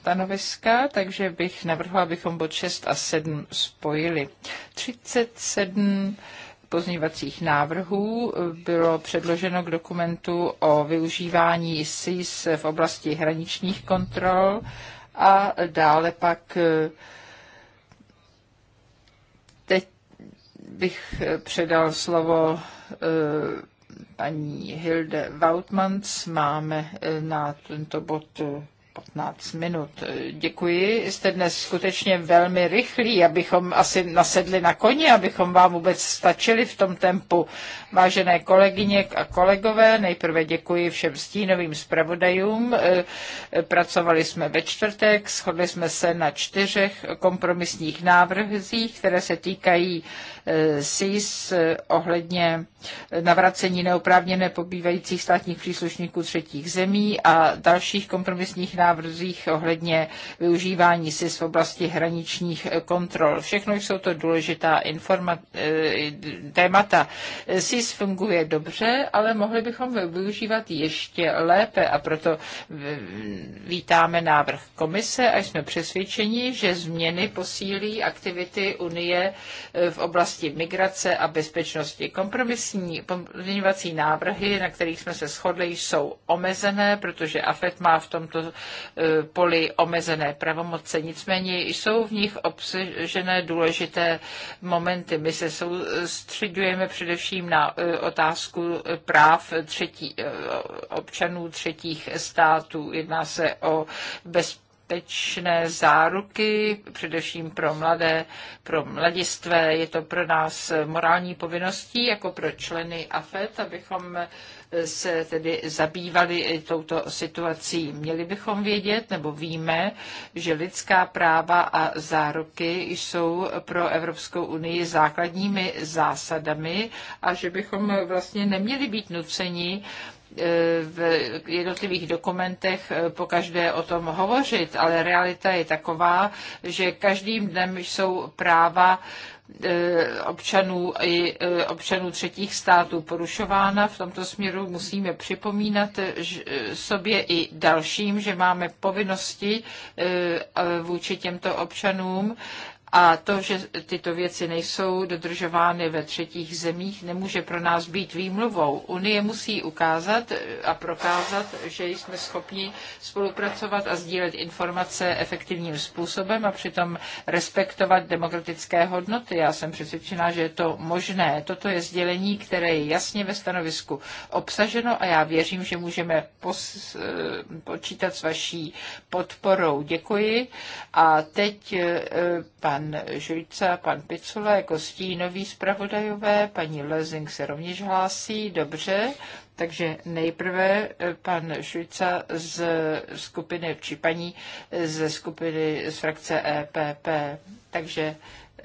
stanoviska, takže bych navrhla, abychom bod 6 a 7 spojili. 37 pozněvacích návrhů bylo předloženo k dokumentu o využívání SIS v oblasti hraničních kontrol a dále pak teď bych předal slovo eh, paní Hilde Wautmans máme eh, na tento bod eh, 15 minut. Děkuji, jste dnes skutečně velmi rychlí, abychom asi nasedli na koni, abychom vám vůbec stačili v tom tempu. Vážené kolegyně a kolegové, nejprve děkuji všem stínovým zpravodajům. E, pracovali jsme ve čtvrtek, shodli jsme se na čtyřech kompromisních návrzích, které se týkají e, SIS e, ohledně navracení neoprávněné pobývajících státních příslušníků třetích zemí a dalších kompromisních návrhů návrzích ohledně využívání si v oblasti hraničních kontrol. Všechno jsou to důležitá informa- eh, témata. SIS funguje dobře, ale mohli bychom využívat ještě lépe a proto vítáme návrh komise a jsme přesvědčeni, že změny posílí aktivity Unie eh, v oblasti migrace a bezpečnosti. Kompromisní pozměňovací návrhy, na kterých jsme se shodli, jsou omezené, protože AFET má v tomto Eh, poli omezené pravomoce. Nicméně jsou v nich obsažené důležité momenty. My se soustředujeme především na eh, otázku práv třetí, eh, občanů třetích států. Jedná se o bezpečnost dostatečné záruky, především pro mladé, pro mladistvé. Je to pro nás morální povinností, jako pro členy AFET, abychom se tedy zabývali touto situací. Měli bychom vědět, nebo víme, že lidská práva a záruky jsou pro Evropskou unii základními zásadami a že bychom vlastně neměli být nuceni E, v jednotlivých dokumentech e, po každé o tom hovořit, ale realita je taková, že každým dnem jsou práva e, občanů i občanů třetích států porušována. V tomto směru musíme připomínat sobě i dalším, že máme povinnosti vůči těmto občanům a to, že tyto věci nejsou dodržovány ve třetích zemích, nemůže pro nás být výmluvou. Unie musí ukázat a prokázat, že jsme schopni spolupracovat a sdílet informace efektivním způsobem a přitom respektovat demokratické hodnoty. Já jsem přesvědčená, že je to možné. Toto je sdělení, které je jasně ve stanovisku obsaženo a já věřím, že můžeme pos, eh, počítat s vaší podporou. Děkuji. A teď, eh, pan pan Žujca pan Picula jako stínový zpravodajové. Paní Lezing se rovněž hlásí, dobře. Takže nejprve eh, pan Šujca z skupiny, či paní eh, ze skupiny z frakce EPP. Takže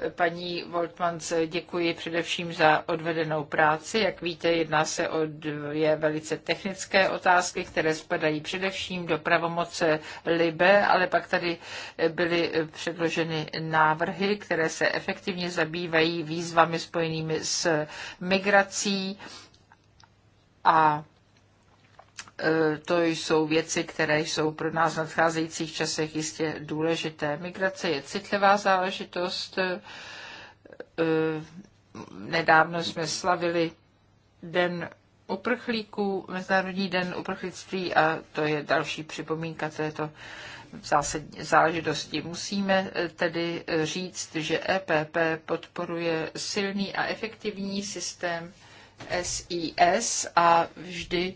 paní Voltmans, děkuji především za odvedenou práci. Jak víte, jedná se o dvě velice technické otázky, které spadají především do pravomoce LIBE, ale pak tady byly předloženy návrhy, které se efektivně zabývají výzvami spojenými s migrací a Eh, to jsou věci, které jsou pro nás v nadcházejících časech jistě důležité. Migrace je citlivá záležitost. Eh, nedávno jsme slavili Den uprchlíků, Mezinárodní den uprchlictví a to je další připomínka této zásadní záležitosti. Musíme eh, tedy říct, že EPP podporuje silný a efektivní systém SIS a vždy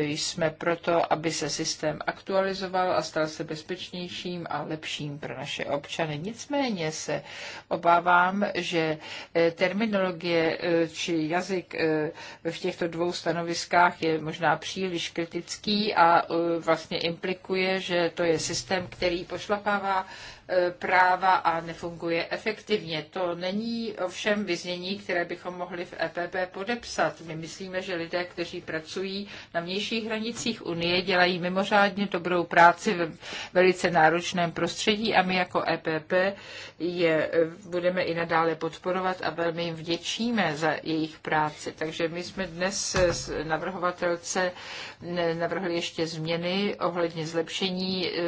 jsme proto, aby se systém aktualizoval a stal se bezpečnějším a lepším pro naše občany. Nicméně se obávám, že eh, terminologie eh, či jazyk eh, v těchto dvou stanoviskách je možná příliš kritický a vlastně implikuje, že to je systém, který pošlapává E, práva a nefunguje efektivně. To není ovšem vyznění, které bychom mohli v EPP podepsat. My myslíme, že lidé, kteří pracují na vnějších hranicích Unie, dělají mimořádně dobrou práci ve velice náročném prostředí a my jako EPP je e, budeme i nadále podporovat a velmi jim vděčíme za jejich práci. Takže my jsme dnes s navrhovatelce navrhli ještě změny ohledně zlepšení e,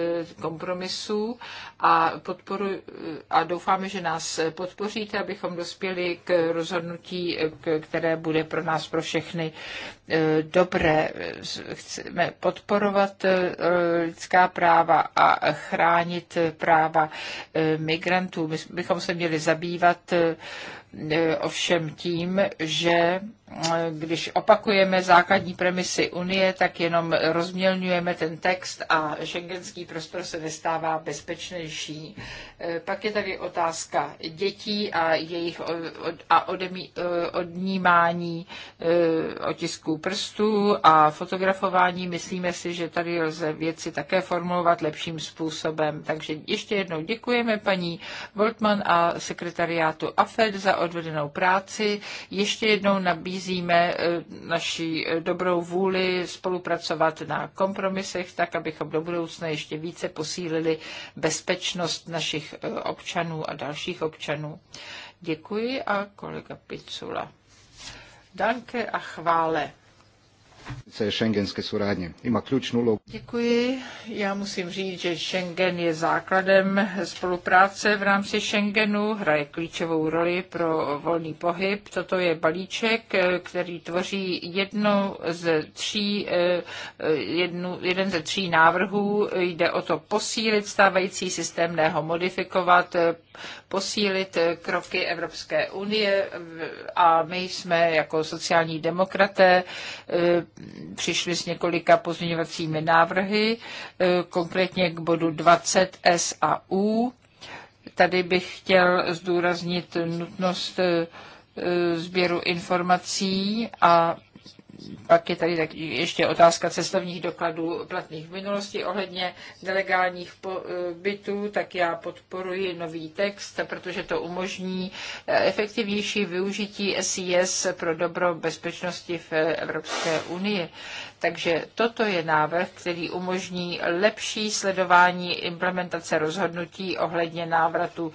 kompromisů a a, a doufáme, že nás podpoříte, abychom dospěli k rozhodnutí, které bude pro nás, pro všechny eh, dobré. Chceme podporovat eh, lidská práva a chránit práva eh, migrantů. My bychom se měli zabývat ovšem tím, že když opakujeme základní premisy Unie, tak jenom rozmělňujeme ten text a šengenský prostor se nestává bezpečnější. Eh, pak je tady otázka dětí a jejich a eh, odnímání eh, otisků prstů a fotografování. Myslíme si, že tady lze věci také formulovat lepším způsobem. Takže ještě jednou děkujeme paní Voltman a sekretariátu AFED za odvedenou práci. Ještě jednou nabízíme nabízíme eh, naší eh, dobrou vůli spolupracovat na kompromisech, tak abychom do budoucna ještě více posílili bezpečnost našich eh, občanů a dalších občanů. Děkuji a kolega Picula. Danke a chvále šengenské surádně. Má ključnou úlohu. Děkuji. Já musím říct, že Schengen je základem spolupráce v rámci Schengenu, hraje klíčovou roli pro volný pohyb. Toto je balíček, eh, který tvoří jedno ze tří, eh, eh, jednu, jeden ze tří návrhů. Jde o to posílit stávající systém, ne ho modifikovat, posílit kroky Evropské unie a my jsme jako sociální demokraté přišli s několika pozměňovacími návrhy, eh, konkrétně k bodu 20 S a U. Tady bych chtěl zdůraznit nutnost eh, eh, sběru informací a pak je tady tak ještě otázka cestovních dokladů platných v minulosti ohledně nelegálních eh, bytů, tak já podporuji nový text, protože to umožní eh, efektivnější využití SIS pro dobro bezpečnosti v Evropské unii. Takže toto je návrh, který umožní lepší sledování implementace rozhodnutí ohledně návratu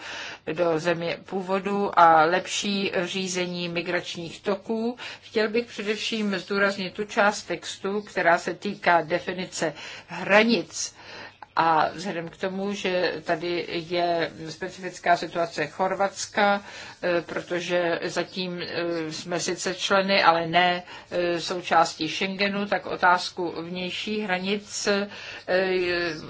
do země původu a lepší řízení migračních toků. Chtěl bych především zdůraznit tu část textu, která se týká definice hranic a vzhledem k tomu, že tady je specifická situace Chorvatska, e, protože zatím e, jsme sice členy, ale ne e, součástí Schengenu, tak otázku vnější hranic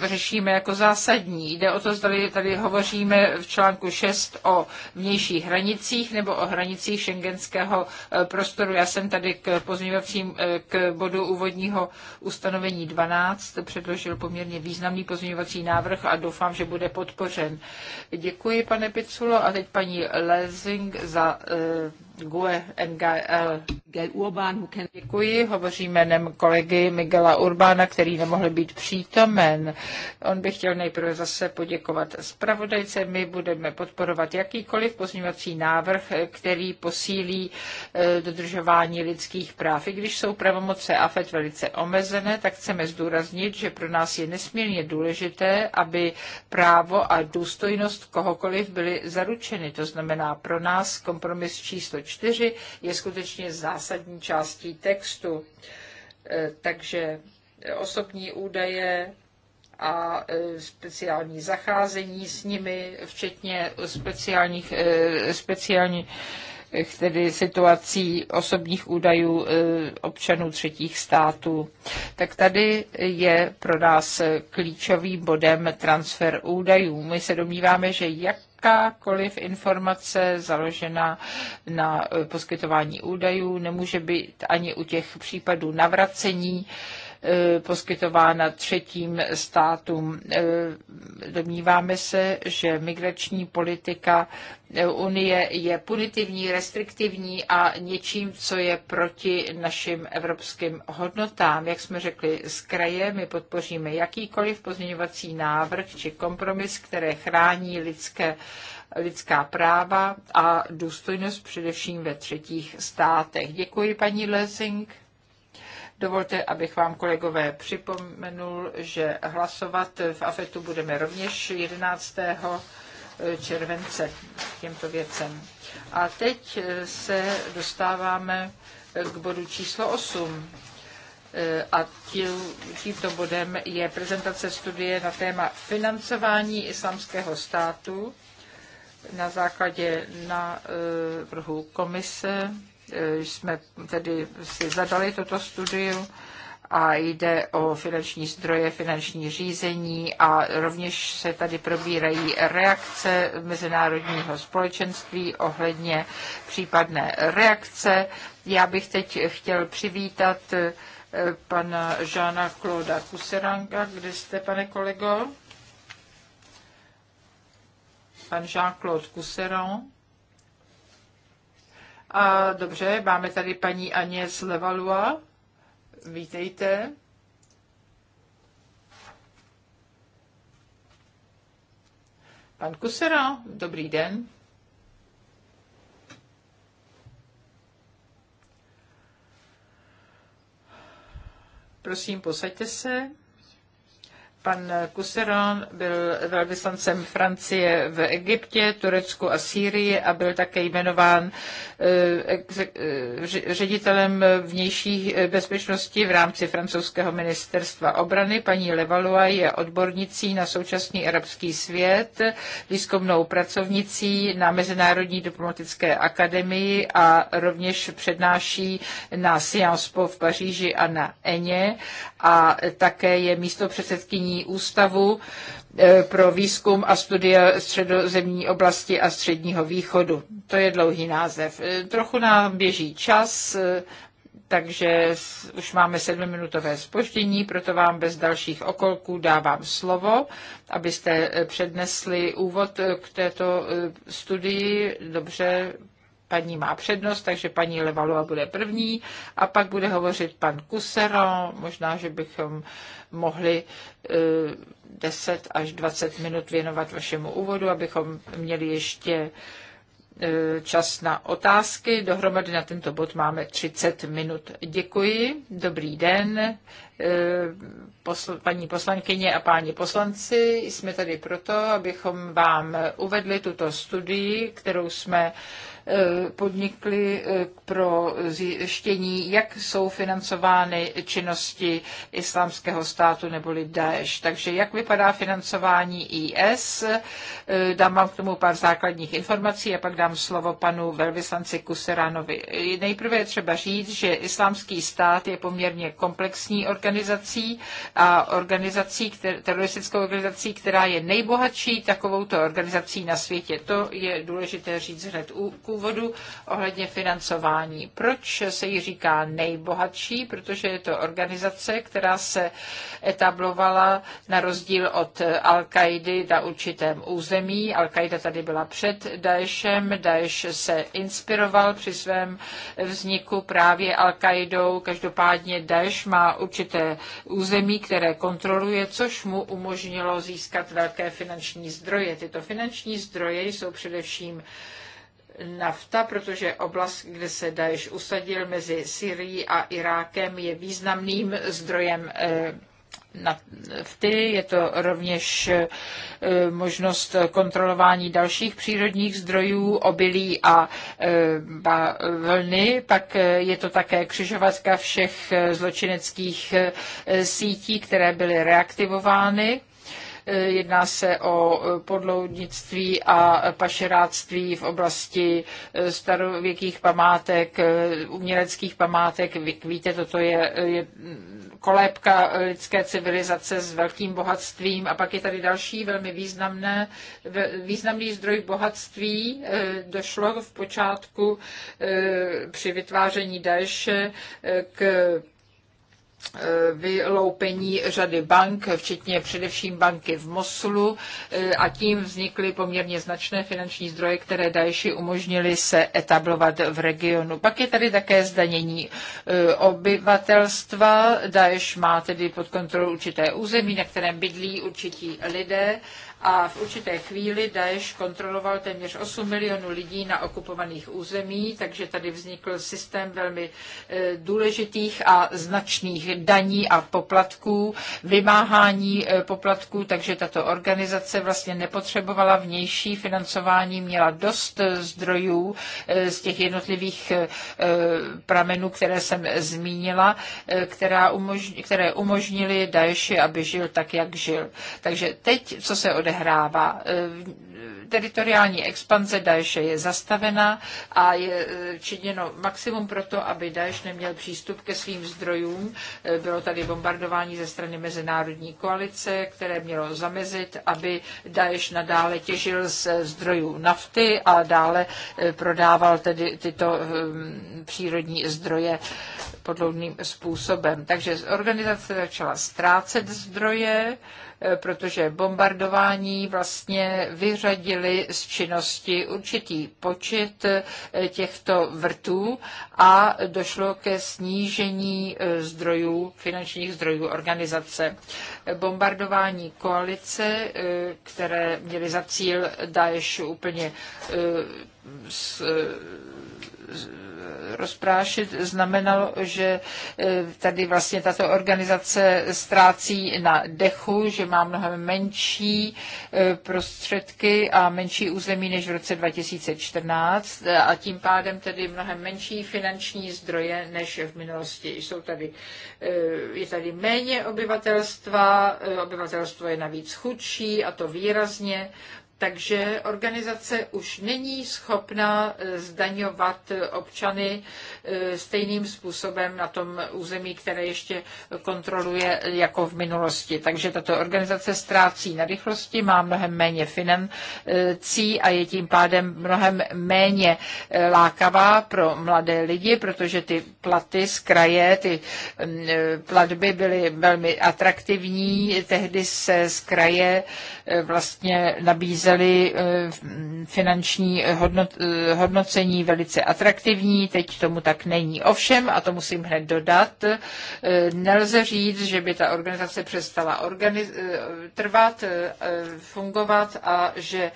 řešíme jako zásadní. Jde o to, zda tady hovoříme v článku 6 o vnějších hranicích nebo o hranicích šengenského prostoru. Já jsem tady k pozměňovacím k bodu úvodního ustanovení 12 předložil poměrně významný pozměňovací pozměňovací návrh a doufám, že bude podpořen. Děkuji, pane Piculo, a teď paní Lezing za eh, GUE NGL. Děkuji, hovoří jménem kolegy Miguela Urbána, který nemohl být přítomen. On by chtěl nejprve zase poděkovat zpravodajce. My budeme podporovat jakýkoliv pozměňovací návrh, který posílí eh, dodržování lidských práv. I když jsou pravomoce AFET velice omezené, tak chceme zdůraznit, že pro nás je nesmírně důležité, aby právo a důstojnost kohokoliv byly zaručeny. To znamená pro nás kompromis číslo 4 je skutečně zásadní částí textu. E, takže osobní údaje a e, speciální zacházení s nimi, včetně speciálních, e, speciální tedy situací osobních údajů občanů třetích států. Tak tady je pro nás klíčovým bodem transfer údajů. My se domníváme, že jak jakákoliv informace založená na eh, poskytování údajů nemůže být ani u těch případů navracení Eh, poskytována třetím státům. Eh, domníváme se, že migrační politika Unie je punitivní, restriktivní a něčím, co je proti našim evropským hodnotám. Jak jsme řekli z kraje, my podpoříme jakýkoliv pozměňovací návrh či kompromis, které chrání lidské lidská práva a důstojnost především ve třetích státech. Děkuji, paní Lesing. Dovolte, abych vám, kolegové, připomenul, že hlasovat v AFETu budeme rovněž 11. července těmto věcem. A teď se dostáváme k bodu číslo 8. E, a tímto bodem je prezentace studie na téma financování islamského státu na základě návrhu komise Eh, jsme tedy si zadali toto studium a jde o finanční zdroje, finanční řízení a rovněž se tady probírají reakce mezinárodního společenství ohledně případné reakce. Já bych teď chtěl přivítat eh, pana Žána Kloda Kuseranga. Kde jste, pane kolego? Pan Jean-Claude Cousseron. A dobře, máme tady paní Aněz Levalua. Vítejte. Pan Kusera, dobrý den. Prosím, posaďte se. Pan Kuseron byl velvyslancem Francie v Egyptě, Turecku a Sýrii a byl také jmenován eh, eh, ředitelem vnější eh, bezpečnosti v rámci francouzského ministerstva obrany. Paní Levalua je odbornicí na současný arabský svět, výzkumnou pracovnicí na Mezinárodní diplomatické akademii a rovněž přednáší na Sciences Po v Paříži a na Eně a také je místo předsedkyní ústavu eh, pro výzkum a studia středozemní oblasti a středního východu. To je dlouhý název. Eh, trochu nám běží čas, eh, takže už máme sedmiminutové spoždění, proto vám bez dalších okolků dávám slovo, abyste přednesli úvod k této studii. Dobře, paní má přednost, takže paní Levalova bude první a pak bude hovořit pan Kusero. Možná, že bychom mohli 10 eh, až 20 minut věnovat vašemu úvodu, abychom měli ještě eh, čas na otázky. Dohromady na tento bod máme 30 minut. Děkuji. Dobrý den, eh, posl- paní poslankyně a páni poslanci. Jsme tady proto, abychom vám uvedli tuto studii, kterou jsme podnikly eh, pro zjištění, jak jsou financovány činnosti islámského státu neboli Daesh. Takže jak vypadá financování IS? Eh, dám vám k tomu pár základních informací a pak dám slovo panu velvyslanci Kuseránovi. Nejprve je třeba říct, že islámský stát je poměrně komplexní organizací a organizací, teroristickou organizací, která je nejbohatší takovouto organizací na světě. To je důležité říct hned u úvodu ohledně financování. Proč se jí říká nejbohatší? Protože je to organizace, která se etablovala na rozdíl od Al-Kaidy na určitém území. Al-Qaida tady byla před Daeshem. Daesh se inspiroval při svém vzniku právě Al-Kaidou. Každopádně Daesh má určité území, které kontroluje, což mu umožnilo získat velké finanční zdroje. Tyto finanční zdroje jsou především nafta, protože oblast, kde se Daesh usadil mezi Syrií a Irákem, je významným zdrojem eh, nafty. Je to rovněž eh, možnost kontrolování dalších přírodních zdrojů, obilí a eh, vlny. Pak je to také křižovatka všech zločineckých sítí, které byly reaktivovány Eh, jedná se o eh, podloudnictví a pašeráctví v oblasti eh, starověkých památek, uměleckých památek. víte, toto je, je kolébka lidské civilizace s velkým bohatstvím. A pak je tady další velmi významné, významný zdroj bohatství. Došlo v počátku při vytváření Daeše k Eh, vyloupení řady bank, včetně především banky v Mosulu eh, a tím vznikly poměrně značné finanční zdroje, které Dajši umožnili se etablovat v regionu. Pak je tady také zdanění eh, obyvatelstva. Daješ má tedy pod kontrolou určité území, na kterém bydlí určití lidé a v určité chvíli Daesh kontroloval téměř 8 milionů lidí na okupovaných území, takže tady vznikl systém velmi e, důležitých a značných daní a poplatků, vymáhání e, poplatků, takže tato organizace vlastně nepotřebovala vnější financování, měla dost zdrojů e, z těch jednotlivých pramenů, které jsem zmínila, která umožň, které umožnili Daeši, aby žil tak, jak žil. Takže teď, co se odehrálo, odehrává. E, teritoriální expanze Daeše je zastavena a je e, činěno maximum proto, aby Daeš neměl přístup ke svým zdrojům. E, bylo tady bombardování ze strany mezinárodní koalice, které mělo zamezit, aby Daeš nadále těžil z zdrojů nafty a dále prodával tedy tyto přírodní zdroje podloudným způsobem. Takže organizace začala ztrácet zdroje, Eh, protože bombardování vlastně vyřadili z činnosti určitý počet eh, těchto vrtů a došlo ke snížení eh, zdrojů, finančních zdrojů organizace. Bombardování koalice, které měly za cíl Daesh úplně rozprášit, znamenalo, že eh, tady vlastně tato organizace ztrácí na dechu, že má mnohem menší eh, prostředky a menší území než v roce 2014 eh, a tím pádem tedy mnohem menší finanční zdroje než v minulosti. Jsou tady, je tady méně obyvatelstva, obyvatelstvo je navíc chudší a to výrazně takže organizace už není schopna eh, zdaňovat eh, občany eh, stejným způsobem na tom území, které ještě kontroluje jako v minulosti. Takže tato organizace ztrácí na rychlosti, má mnohem méně financí a je tím pádem mnohem méně lákavá pro mladé lidi, protože ty platy z kraje, ty mm, platby byly velmi atraktivní. Tehdy se z kraje vlastně nabízí nabízeli eh, mm, finanční eh, hodnot, eh, hodnocení velice atraktivní, teď tomu tak není. Ovšem, a to musím hned dodat, nelze říct, že by ta organizace přestala organiz, trvat, fungovat a že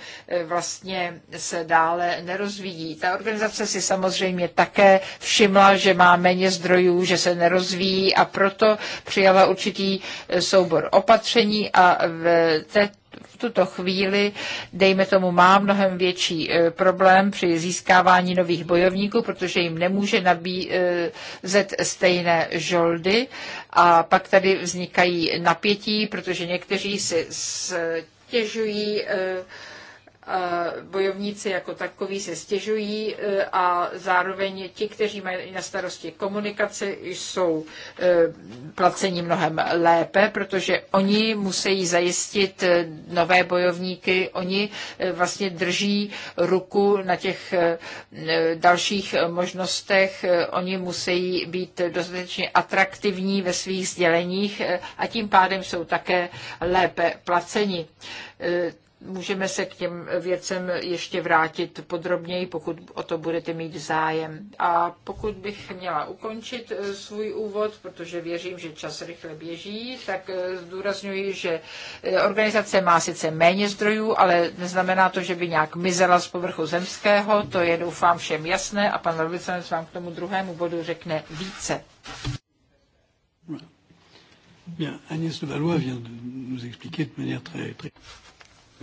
vlastně se dále nerozvíjí. Ta organizace si samozřejmě také všimla, že má méně zdrojů, že se nerozvíjí a proto přijala určitý soubor opatření a v této v tuto chvíli, dejme tomu, má mnohem větší e, problém při získávání nových bojovníků, protože jim nemůže nabízet stejné žoldy. A pak tady vznikají napětí, protože někteří si stěžují, e, bojovníci jako takoví se stěžují e, a zároveň ti, kteří mají na starosti komunikaci, jsou e, placeni mnohem lépe, protože oni musí zajistit e, nové bojovníky, oni vlastně drží ruku na těch dalších možnostech, oni musí být dostatečně atraktivní ve svých sděleních a tím pádem jsou také lépe placeni Můžeme se k těm věcem ještě vrátit podrobněji, pokud o to budete mít zájem. A pokud bych měla ukončit eh, svůj úvod, protože věřím, že čas rychle běží, tak eh, zdůrazňuji, že eh, organizace má sice méně zdrojů, ale neznamená to, že by nějak mizela z povrchu zemského. To je doufám všem jasné a pan velvyslanec vám k tomu druhému bodu řekne více. Bien, Agnès de Valois vient de nous expliquer de manière très, très...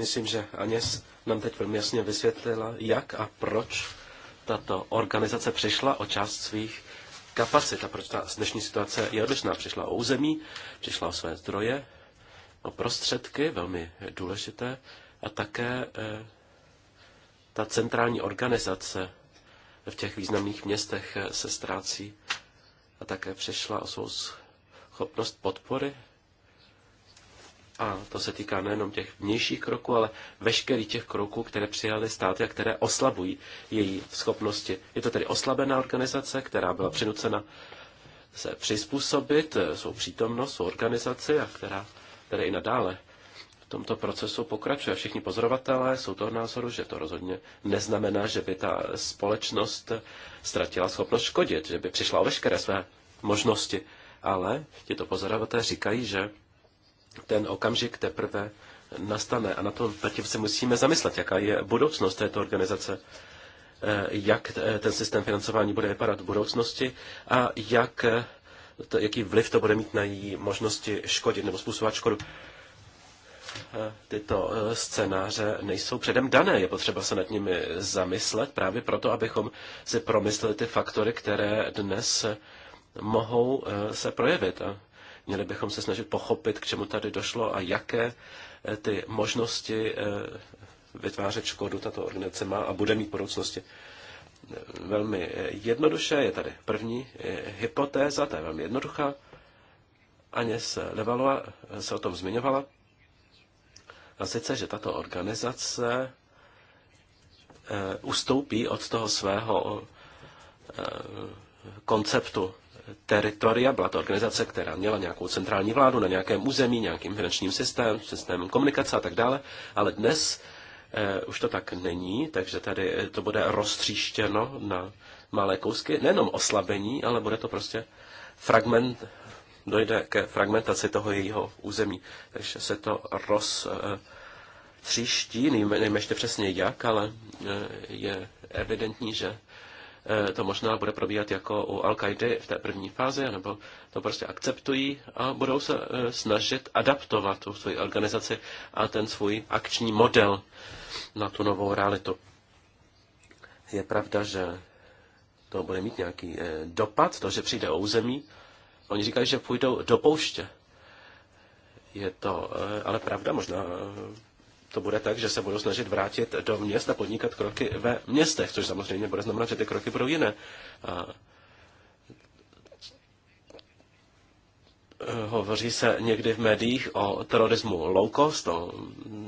Myslím, že Aněs nám teď velmi jasně vysvětlila, jak a proč tato organizace přišla o část svých kapacit a proč ta dnešní situace je odlišná. Přišla o území, přišla o své zdroje, o prostředky, velmi důležité, a také e, ta centrální organizace v těch významných městech eh, se ztrácí a také přišla o svou schopnost podpory a to se týká nejenom těch vnějších kroků, ale veškerých těch kroků, které přijaly státy a které oslabují její schopnosti. Je to tedy oslabená organizace, která byla přinucena se přizpůsobit eh, svou přítomnost, svou organizaci a která tedy i nadále v tomto procesu pokračuje. Všichni pozorovatelé jsou toho názoru, že to rozhodně neznamená, že by ta společnost ztratila schopnost škodit, že by přišla o veškeré své možnosti. Ale tito pozorovatelé říkají, že ten okamžik teprve nastane. A na to zatím se musíme zamyslet, jaká je budoucnost této organizace, eh, jak eh, ten systém financování bude vypadat v budoucnosti a jak, eh, to, jaký vliv to bude mít na její možnosti škodit nebo způsobovat škodu. Tyto scénáře nejsou předem dané, je potřeba se nad nimi zamyslet právě proto, abychom si promysleli ty faktory, které dnes mohou se projevit. A Měli bychom se snažit pochopit, k čemu tady došlo a jaké eh, ty možnosti eh, vytvářet škodu tato organizace má a bude mít v budoucnosti. Eh, velmi jednoduše je tady první hypotéza, ta je velmi jednoduchá. Aněs Levalova se o tom zmiňovala. A sice, že tato organizace ustoupí od toho svého konceptu teritoria, byla to organizace, která měla nějakou centrální vládu na nějakém území, nějakým finančním systém, systémem komunikace a tak dále, ale dnes eh, už to tak není, takže tady eh, to bude roztříštěno na malé kousky, nejenom oslabení, ale bude to prostě fragment, dojde ke fragmentaci toho jejího území, takže se to roz... Eh, tříští, nevím ještě přesně jak, ale eh, je evidentní, že Eh, to možná bude probíhat jako u al qaidy v té první fázi, nebo to prostě akceptují a budou se eh, snažit adaptovat tu svoji organizaci a ten svůj akční model na tu novou realitu. Je pravda, že to bude mít nějaký eh, dopad, to, že přijde o území. Oni říkají, že půjdou do pouště. Je to ale pravda, možná to bude tak, že se budou snažit vrátit do měst a podnikat kroky ve městech, což samozřejmě bude znamenat, že ty kroky budou jiné. A eh, hovoří se někdy v médiích o terorismu low cost, o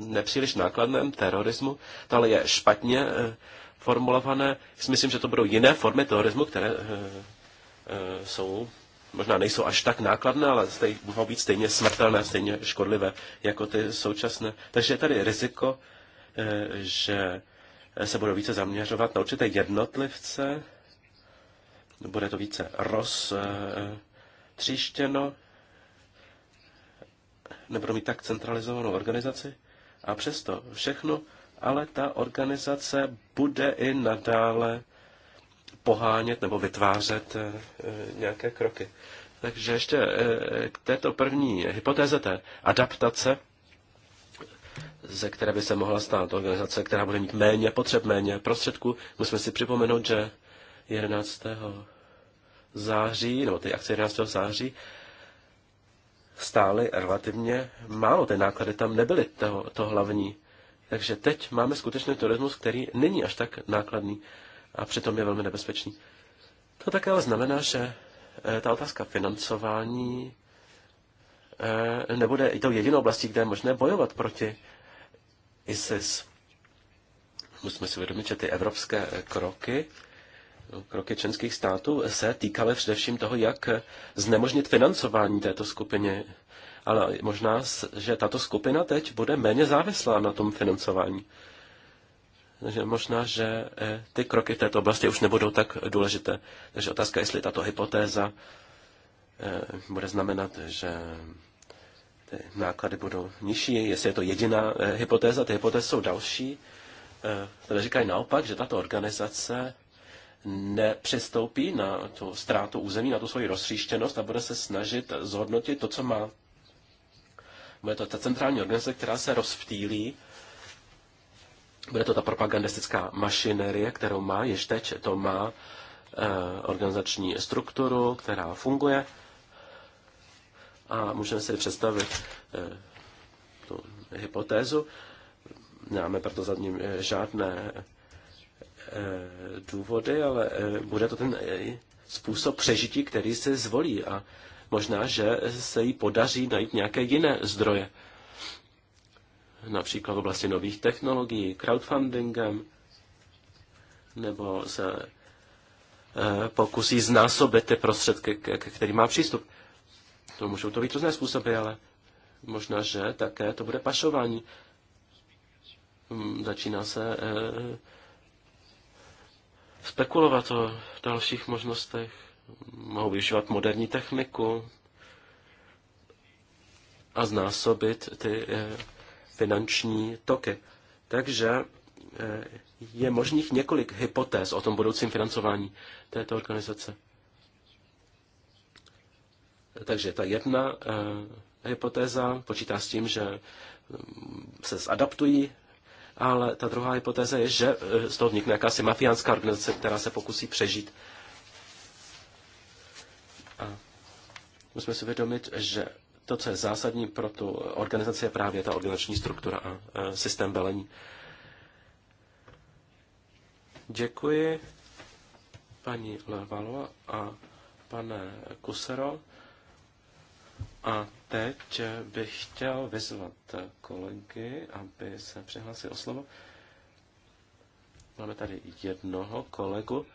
nepříliš nákladném terorismu. ale je špatně eh, formulované. Myslím, že to budou jiné formy terorismu, které eh, jsou možná nejsou až tak nákladné, ale stej, mohou být stejně smrtelné, stejně škodlivé jako ty současné. Takže je tady riziko, eh, že se budou více zaměřovat na určité jednotlivce, bude to více roztříštěno, nebudou mít tak centralizovanou organizaci. A přesto všechno, ale ta organizace bude i nadále pohánět nebo vytvářet eh, eh, nějaké kroky. Takže ještě eh, k této první hypotéze té adaptace, ze které by se mohla stát organizace, která bude mít méně potřeb, méně prostředků. Musíme si připomenout, že 11. září, nebo ty akce 11. září, stály relativně málo. Ty náklady tam nebyly to, to hlavní. Takže teď máme skutečný turismus, který není až tak nákladný a přitom je velmi nebezpečný. To také ale znamená, že eh, ta otázka financování eh, nebude i tou jedinou oblastí, kde je možné bojovat proti ISIS. Musíme si uvědomit, že ty evropské eh, kroky, kroky členských států se týkaly především toho, jak znemožnit financování této skupiny. Ale možná, že tato skupina teď bude méně závislá na tom financování. Takže možná, že eh, ty kroky v této oblasti už nebudou tak důležité. Takže otázka, jestli tato hypotéza eh, bude znamenat, že ty náklady budou nižší, jestli je to jediná eh, hypotéza, ty hypotézy jsou další, Tady říkají naopak, že tato organizace nepřistoupí na tu ztrátu území, na tu svoji rozříštěnost a bude se snažit zhodnotit to, co má. Bude to ta centrální organizace, která se rozptýlí bude to ta propagandistická mašinerie, kterou má, již teď to má eh, organizační strukturu, která funguje. A můžeme si představit eh, tu hypotézu. Nemáme proto za ním eh, žádné důvody, ale bude to ten způsob přežití, který se zvolí a možná, že se jí podaří najít nějaké jiné zdroje například v oblasti nových technologií, crowdfundingem, nebo se eh, pokusí znásobit ty prostředky, k kterým má přístup. To můžou to být různé způsoby, ale možná, že také to bude pašování. Hmm, začíná se eh, spekulovat o dalších možnostech. Mohou využívat moderní techniku a znásobit ty eh, finanční toky. Takže eh, je možných několik hypotéz o tom budoucím financování této organizace. Takže ta jedna eh, hypotéza počítá s tím, že mm, se zadaptují, ale ta druhá hypotéza je, že eh, z toho vznikne jakási mafiánská organizace, která se pokusí přežít. A musíme si uvědomit, že to, co je zásadní pro tu organizaci, je právě ta organizační struktura a e, systém velení. Děkuji paní Levalo a pane Kusero. A teď bych chtěl vyzvat kolegy, aby se přihlásili o slovo. Máme tady jednoho kolegu,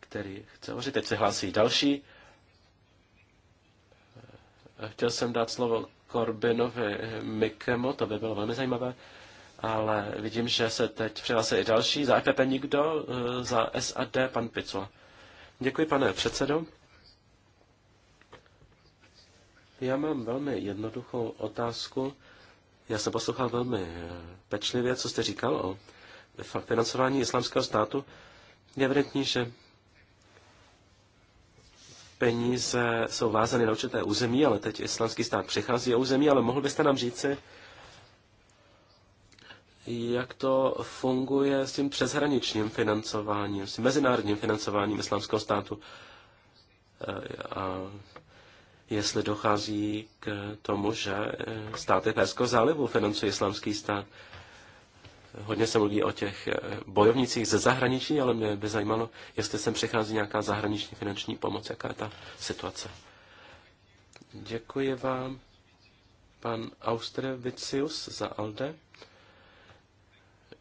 který chce hovořit. Teď se hlásí další. Chtěl jsem dát slovo Korbinovi Mikemu, to by bylo velmi zajímavé, ale vidím, že se teď přihlásil i další. Za EPP nikdo, eh, za SAD pan Picula. Děkuji, pane předsedo. Já mám velmi jednoduchou otázku. Já jsem poslouchal velmi eh, pečlivě, co jste říkal o financování islámského státu. Je evidentní, že peníze jsou vázány na určité území, ale teď islamský stát přechází o území, ale mohl byste nám říci, jak to funguje s tím přeshraničním financováním, s tím mezinárodním financováním islámského státu? Eh, a jestli dochází k tomu, že eh, státy Perského zálivu financují islámský stát. Hodně se mluví o těch eh, bojovnicích ze zahraničí, ale mě by zajímalo, jestli sem přechází nějaká zahraniční finanční pomoc, jaká je ta situace. Děkuji vám, pan Austrevicius za ALDE.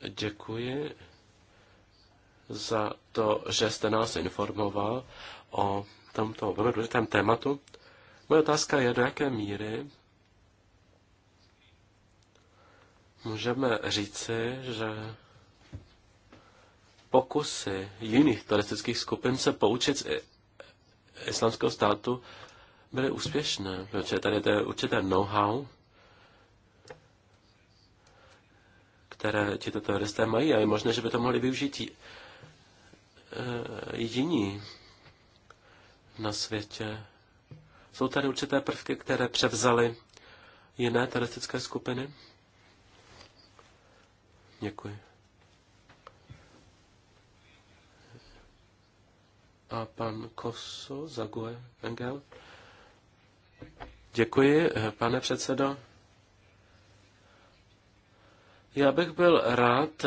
Děkuji za to, že jste nás informoval o tomto velmi důležitém tématu. Moje otázka je, do jaké míry můžeme říci, že pokusy jiných teroristických skupin se poučit z islamského státu byly úspěšné, protože tady je určité know-how, které tito teroristé mají a je možné, že by to mohli využít eh, jiní na světě. Jsou tady určité prvky, které převzaly jiné teroristické skupiny? Děkuji. A pan Koso Zague Engel. Děkuji, pane předsedo. Já bych byl rád,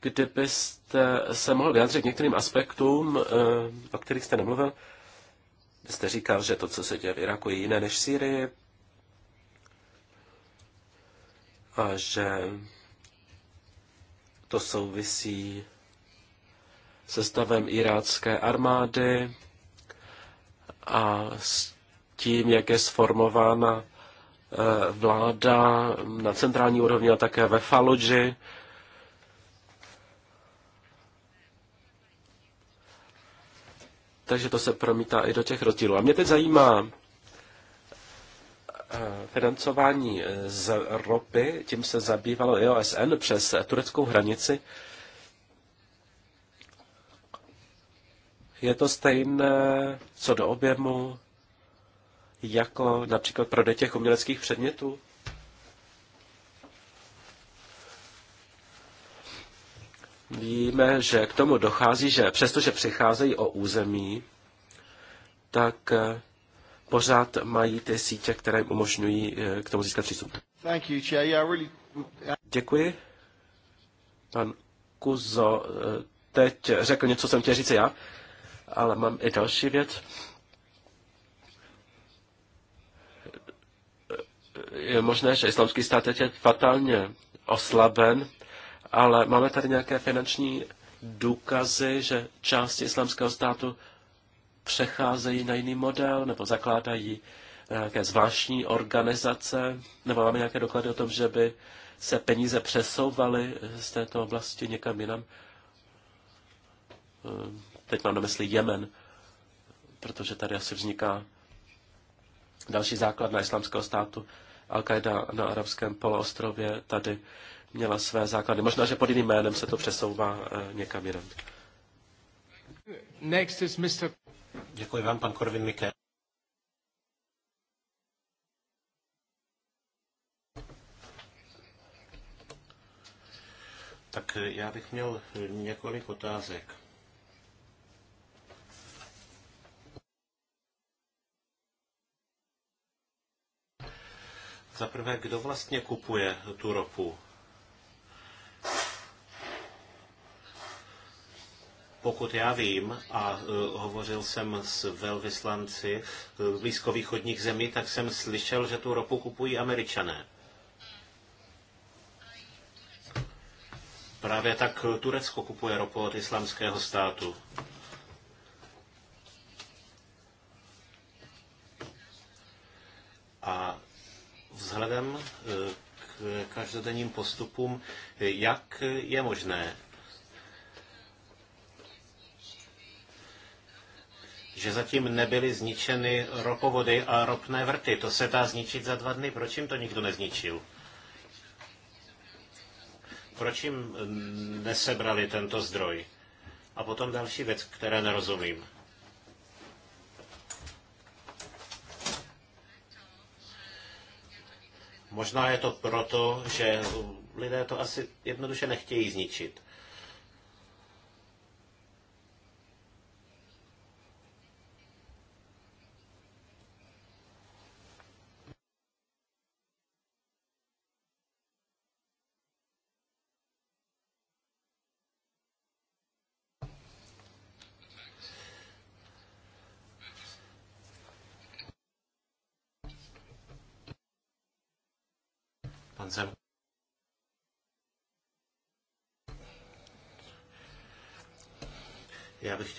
kdybyste se mohl vyjádřit některým aspektům, eh, o kterých jste nemluvil. Vy jste říkal, že to, co se děje v Iraku, je jiné než v Sýrii a že to souvisí se stavem irácké armády a s tím, jak je sformována eh, vláda na centrální úrovni a také ve Faluji. Takže to se promítá i do těch rozdílů. A mě teď zajímá, financování eh, z ropy, tím se zabývalo i OSN přes eh, tureckou hranici. Je to stejné co do objemu, jako například prodej těch uměleckých předmětů? Víme, že k tomu dochází, že přestože přicházejí o území, tak eh, pořád mají ty sítě, které umožňují eh, k tomu získat přístup. Děkuji. Pan Kuzo eh, teď řekl něco, co jsem chtěl říct já, ale mám i další věc. Je možné, že islamský stát teď je fatálně oslaben, ale máme tady nějaké finanční důkazy, že části islamského státu přecházejí na jiný model nebo zakládají eh, nějaké zvláštní organizace, nebo máme nějaké doklady o tom, že by se peníze přesouvaly eh, z této oblasti někam jinam. Eh, teď mám na mysli Jemen, protože tady asi vzniká další základna islámského státu. Al-Qaida na arabském poloostrově tady měla své základy. Možná, že pod jiným jménem se to přesouvá někam jinam. Next is Mr. Děkuji vám, pan Korvin Mike. Tak já bych měl několik otázek. Za prvé, kdo vlastně kupuje tu ropu? Pokud já vím, a e, hovořil jsem s velvyslanci e, blízkovýchodních zemí, tak jsem slyšel, že tu ropu kupují američané. Právě tak Turecko kupuje ropu od islamského státu. A vzhledem e, k každodenním postupům, jak je možné, že zatím nebyly zničeny ropovody a ropné vrty. To se dá zničit za dva dny. Proč jim to nikdo nezničil? Proč jim mm, nesebrali tento zdroj? A potom další věc, které nerozumím. Možná je to proto, že lidé to asi jednoduše nechtějí zničit.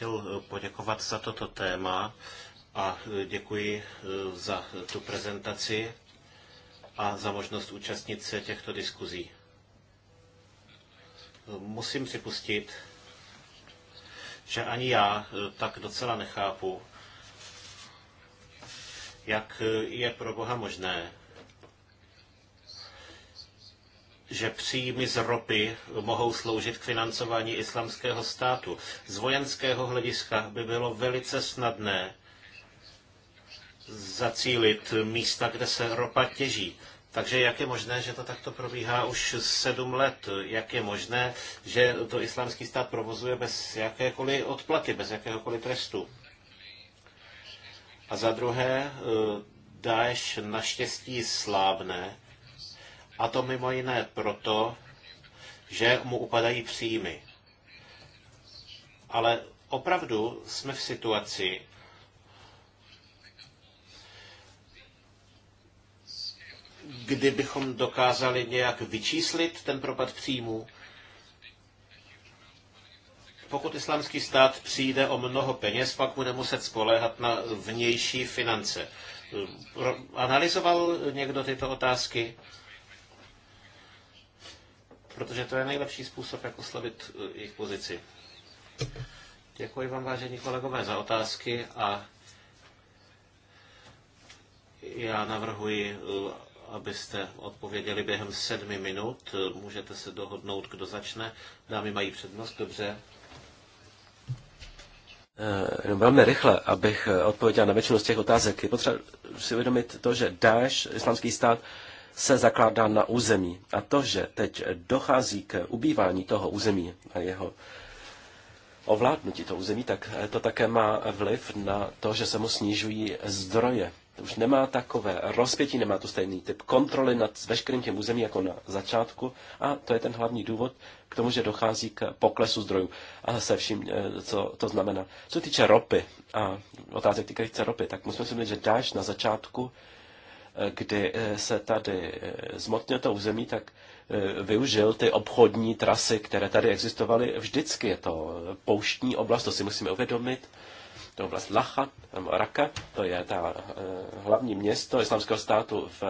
chtěl eh, poděkovat za toto téma a eh, děkuji eh, za tu prezentaci a za možnost účastnit se těchto diskuzí. Musím připustit, že ani já tak docela nechápu, jak je pro Boha možné, že příjmy z ropy mohou sloužit k financování islamského státu. Z vojenského hlediska by bylo velice snadné zacílit místa, kde se ropa těží. Takže jak je možné, že to takto probíhá už sedm let? Jak je možné, že to islámský stát provozuje bez jakékoliv odplaty, bez jakéhokoliv trestu? A za druhé, eh, Daesh naštěstí slábne a to mimo jiné proto, že mu upadají příjmy. Ale opravdu jsme v situaci, kdybychom dokázali nějak vyčíslit ten propad příjmů. Pokud islámský stát přijde o mnoho peněz, pak bude muset spoléhat na vnější finance. Analyzoval někdo tyto otázky? protože to je nejlepší způsob, jak oslabit eh, jejich pozici. Děkuji vám, vážení kolegové, za otázky a já navrhuji, eh, abyste odpověděli během sedmi minut. Můžete se dohodnout, kdo začne. Dámy mají přednost, dobře. Eh, jenom velmi rychle, abych odpověděl na většinu z těch otázek. Je potřeba si uvědomit to, že Daesh, islamský stát, se zakládá na území. A to, že teď dochází k ubývání toho území a jeho ovládnutí toho území, tak to také má vliv na to, že se mu snižují zdroje. To už nemá takové rozpětí, nemá to stejný typ kontroly nad veškerým těm území jako na začátku a to je ten hlavní důvod k tomu, že dochází k poklesu zdrojů a se vším, eh, co to znamená. Co týče ropy a otázek týkající se ropy, tak musíme si myslet, že dáš na začátku kdy eh, se tady eh, zmotnil to území, tak eh, využil ty obchodní trasy, které tady existovaly vždycky. Je to pouštní oblast, to si musíme uvědomit. To je oblast Lacha, Raka, to je ta hlavní město islamského státu v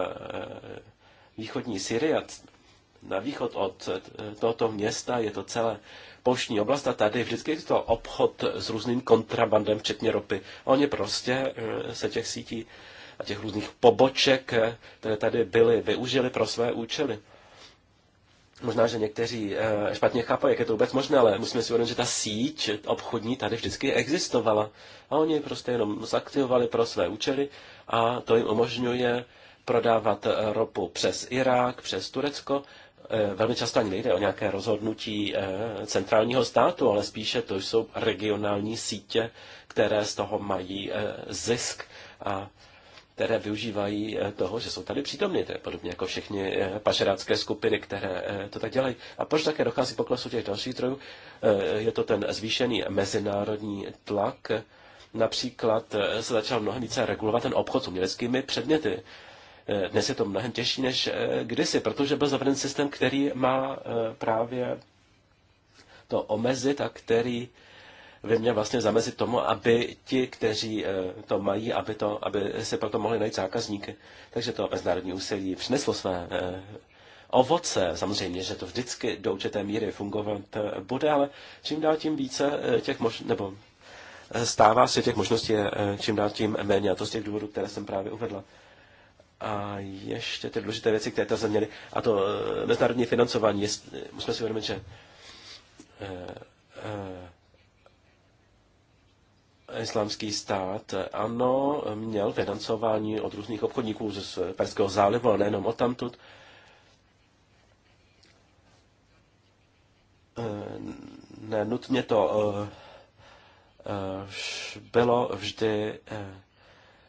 východní Syrii. Na východ od tohoto města je to celé pouštní oblast a tady vždycky je to obchod s různým kontrabandem, včetně ropy. Oni prostě se těch sítí a těch různých poboček, eh, které tady byly, využili pro své účely. Možná, že někteří eh, špatně chápají, jak je to vůbec možné, ale musíme si uvědomit, že ta síť obchodní tady vždycky existovala. A oni prostě jenom zaktivovali pro své účely a to jim umožňuje prodávat eh, ropu přes Irák, přes Turecko. Velmi často ani nejde o nějaké rozhodnutí centrálního státu, ale spíše to jsou regionální sítě, které z toho mají zisk. A které využívají eh, toho, že jsou tady přítomny. To je podobně jako všechny eh, pašerácké skupiny, které eh, to tak dělají. A proč také dochází poklesu těch dalších zdrojů? Je to ten zvýšený mezinárodní tlak. Například se začal mnohem více regulovat ten obchod s uměleckými předměty. Dnes je to mnohem těžší než kdysi, protože byl zavřen systém, který má právě to omezit a který by měl vlastně zamezit tomu, aby ti, kteří eh, to mají, aby, to, aby se proto mohli najít zákazníky. Takže to mezinárodní úsilí přineslo své eh, ovoce. Samozřejmě, že to vždycky do určité míry fungovat eh, bude, ale čím dál tím více těch mož, nebo stává se těch možností čím dál tím méně, a to z těch důvodů, které jsem právě uvedla. A ještě ty důležité věci, které tam měly, a to mezinárodní financování, musíme si uvědomit, že islámský stát, ano, měl financování od různých obchodníků z Perského zálivu, ale nejenom odtamtud. Eh, ne, nutně to eh, eh, bylo vždy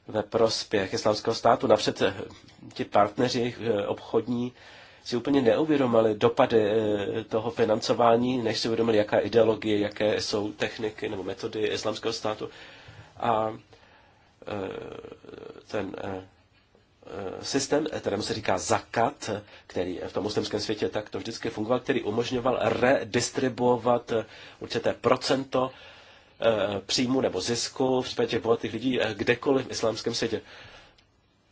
ve prospěch islámského státu. Napřed ti partneři obchodní si úplně neuvědomili dopady eh, toho financování, než si uvědomili, jaká ideologie, jaké jsou techniky nebo metody islamského státu. A eh, ten eh, systém, kterému se říká zakat, který v tom muslimském světě tak to vždycky fungoval, který umožňoval redistribuovat určité procento příjmu nebo zisku v těch bohatých lidí kdekoliv v islámském světě.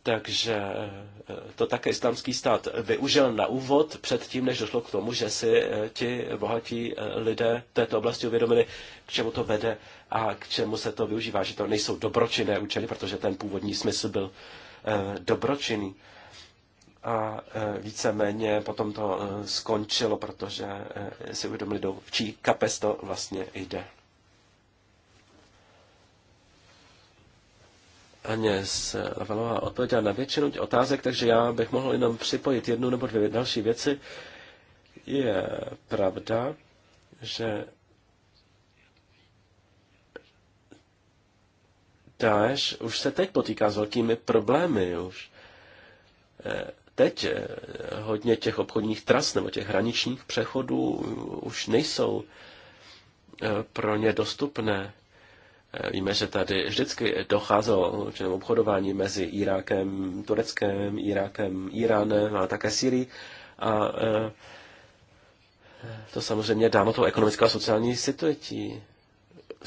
Takže eh, to také islámský stát využil na úvod předtím, než došlo k tomu, že si eh, ti bohatí eh, lidé této oblasti uvědomili, k čemu to vede a k čemu se to využívá, že to nejsou dobročinné účely, protože ten původní smysl byl dobročinný. A víceméně potom to skončilo, protože si uvědomili, do čí kapes to vlastně jde. Aněs Lavalová odpověděla na většinu otázek, takže já bych mohl jenom připojit jednu nebo dvě další věci. Je pravda, že Dáš už se teď potýká s velkými problémy. Už eh, teď eh, hodně těch obchodních tras nebo těch hraničních přechodů už nejsou eh, pro ně dostupné. Eh, víme, že tady vždycky docházelo k obchodování mezi Irákem, Tureckem, Irákem, Iránem a také Syrií. A eh, to samozřejmě dáno tou ekonomickou a sociální situací.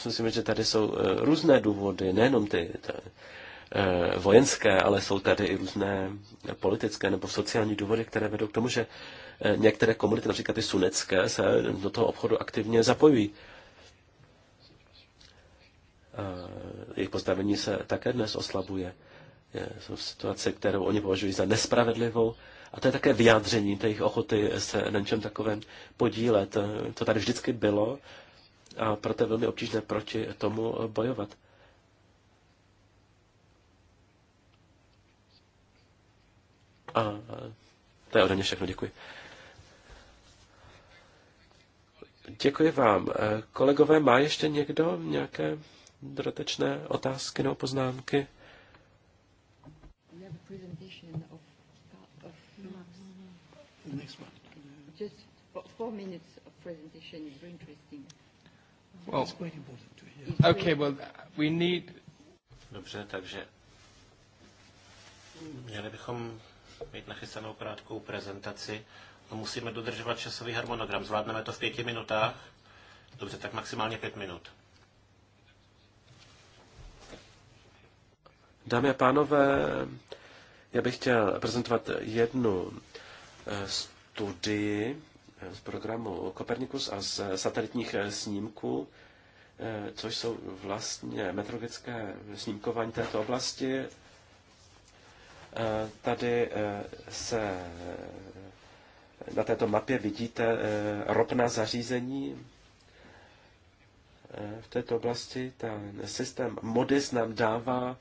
Myslím, že tady jsou eh, různé důvody, nejenom ty, ty vojenské, ale jsou tady i různé politické nebo sociální důvody, které vedou k tomu, že některé komunity, například ty sunecké, se do toho obchodu aktivně zapojují jejich postavení se také dnes oslabuje. Jsou situace, kterou oni považují za nespravedlivou. A to je také vyjádření té jejich ochoty se na něčem takovém podílet. To tady vždycky bylo a proto je velmi obtížné proti tomu bojovat. A to je ode mě všechno. Děkuji. Děkuji vám. Kolegové, má ještě někdo nějaké dodatečné otázky nebo poznámky? Dobře, takže měli bychom mít nachystanou krátkou prezentaci. No, musíme dodržovat časový harmonogram. Zvládneme to v pěti minutách? Dobře, tak maximálně pět minut. Dámy a pánové, já bych chtěl prezentovat jednu eh, studii eh, z programu Copernicus a z satelitních eh, snímků, což jsou vlastně metrologické snímkování této oblasti. Tady se na této mapě vidíte ropná zařízení v této oblasti. Ten systém MODIS nám dává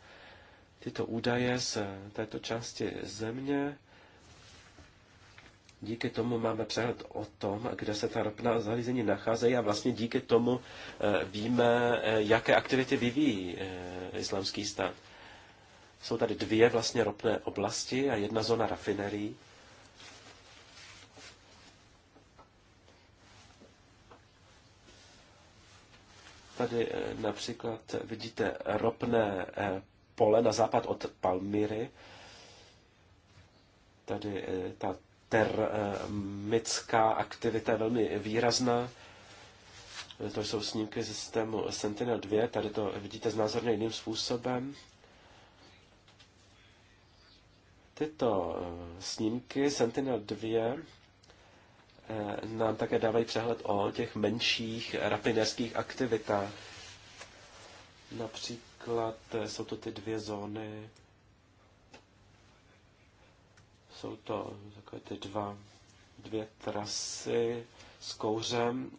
tyto údaje z této části země. Díky tomu máme přehled o tom, kde se ta ropná zařízení nacházejí a vlastně díky tomu eh, víme, eh, jaké aktivity vyvíjí eh, islamský stát. Jsou tady dvě vlastně ropné oblasti a jedna zóna rafinerií. Tady například vidíte ropné pole na západ od Palmíry. Tady eh, ta termická aktivita je velmi výrazná. To jsou snímky ze systému Sentinel-2, tady to vidíte znázorně jiným způsobem. Tyto eh, snímky Sentinel-2 eh, nám také dávají přehled o těch menších rapinerských aktivitách. Například Například eh, jsou to ty dvě zóny, jsou to takové ty dva, dvě trasy s kouřem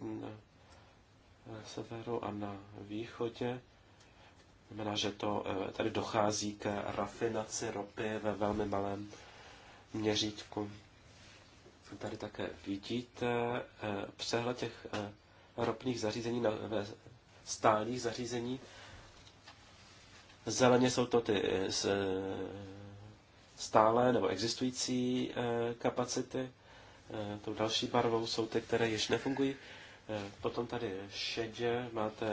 na severu a na východě. Znamená, že to eh, tady dochází k rafinaci ropy ve velmi malém měřítku. Tady také vidíte eh, přehled těch ropných zařízení ve stálých zařízení Zeleně jsou to ty eh, eh, stále nebo existující eh, kapacity. Tou další barvou jsou ty, které již nefungují. Potom tady šedě máte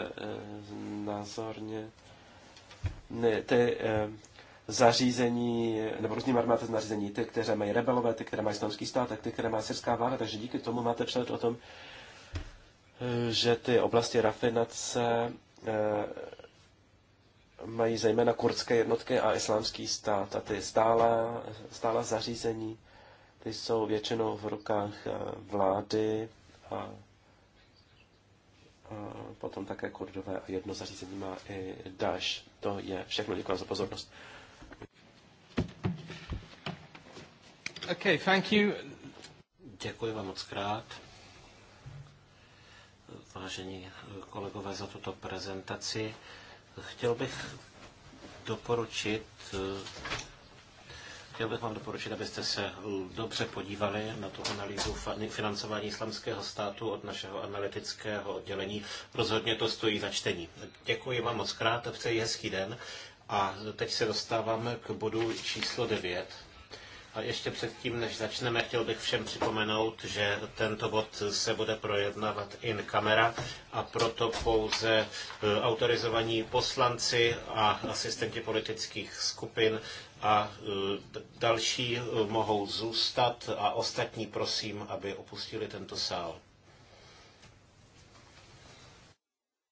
názorně ne, ty zařízení, nebo různý máte zařízení, ty, které mají rebelové, ty, které mají islamský stát, tak ty, které má syrská vláda, takže díky tomu máte přehled o tom, že ty oblasti rafinace mají zejména kurdské jednotky a islámský stát. A ty stála, stála zařízení, ty jsou většinou v rukách eh, vlády a, a potom také kurdové a jedno zařízení má i Daš. To je všechno. Děkuji za pozornost. Okay, thank you. Děkuji vám moc krát vážení kolegové, za tuto prezentaci. Chtěl bych doporučit, chtěl bych vám doporučit, abyste se dobře podívali na tu analýzu financování islamského státu od našeho analytického oddělení. Rozhodně to stojí za čtení. Děkuji vám moc krát, přeji hezký den. A teď se dostáváme k bodu číslo 9. A ještě předtím, než začneme, chtěl bych všem připomenout, že tento bod se bude projednávat in camera a proto pouze e, autorizovaní poslanci a asistenti politických skupin a e, další e, mohou zůstat a ostatní prosím, aby opustili tento sál.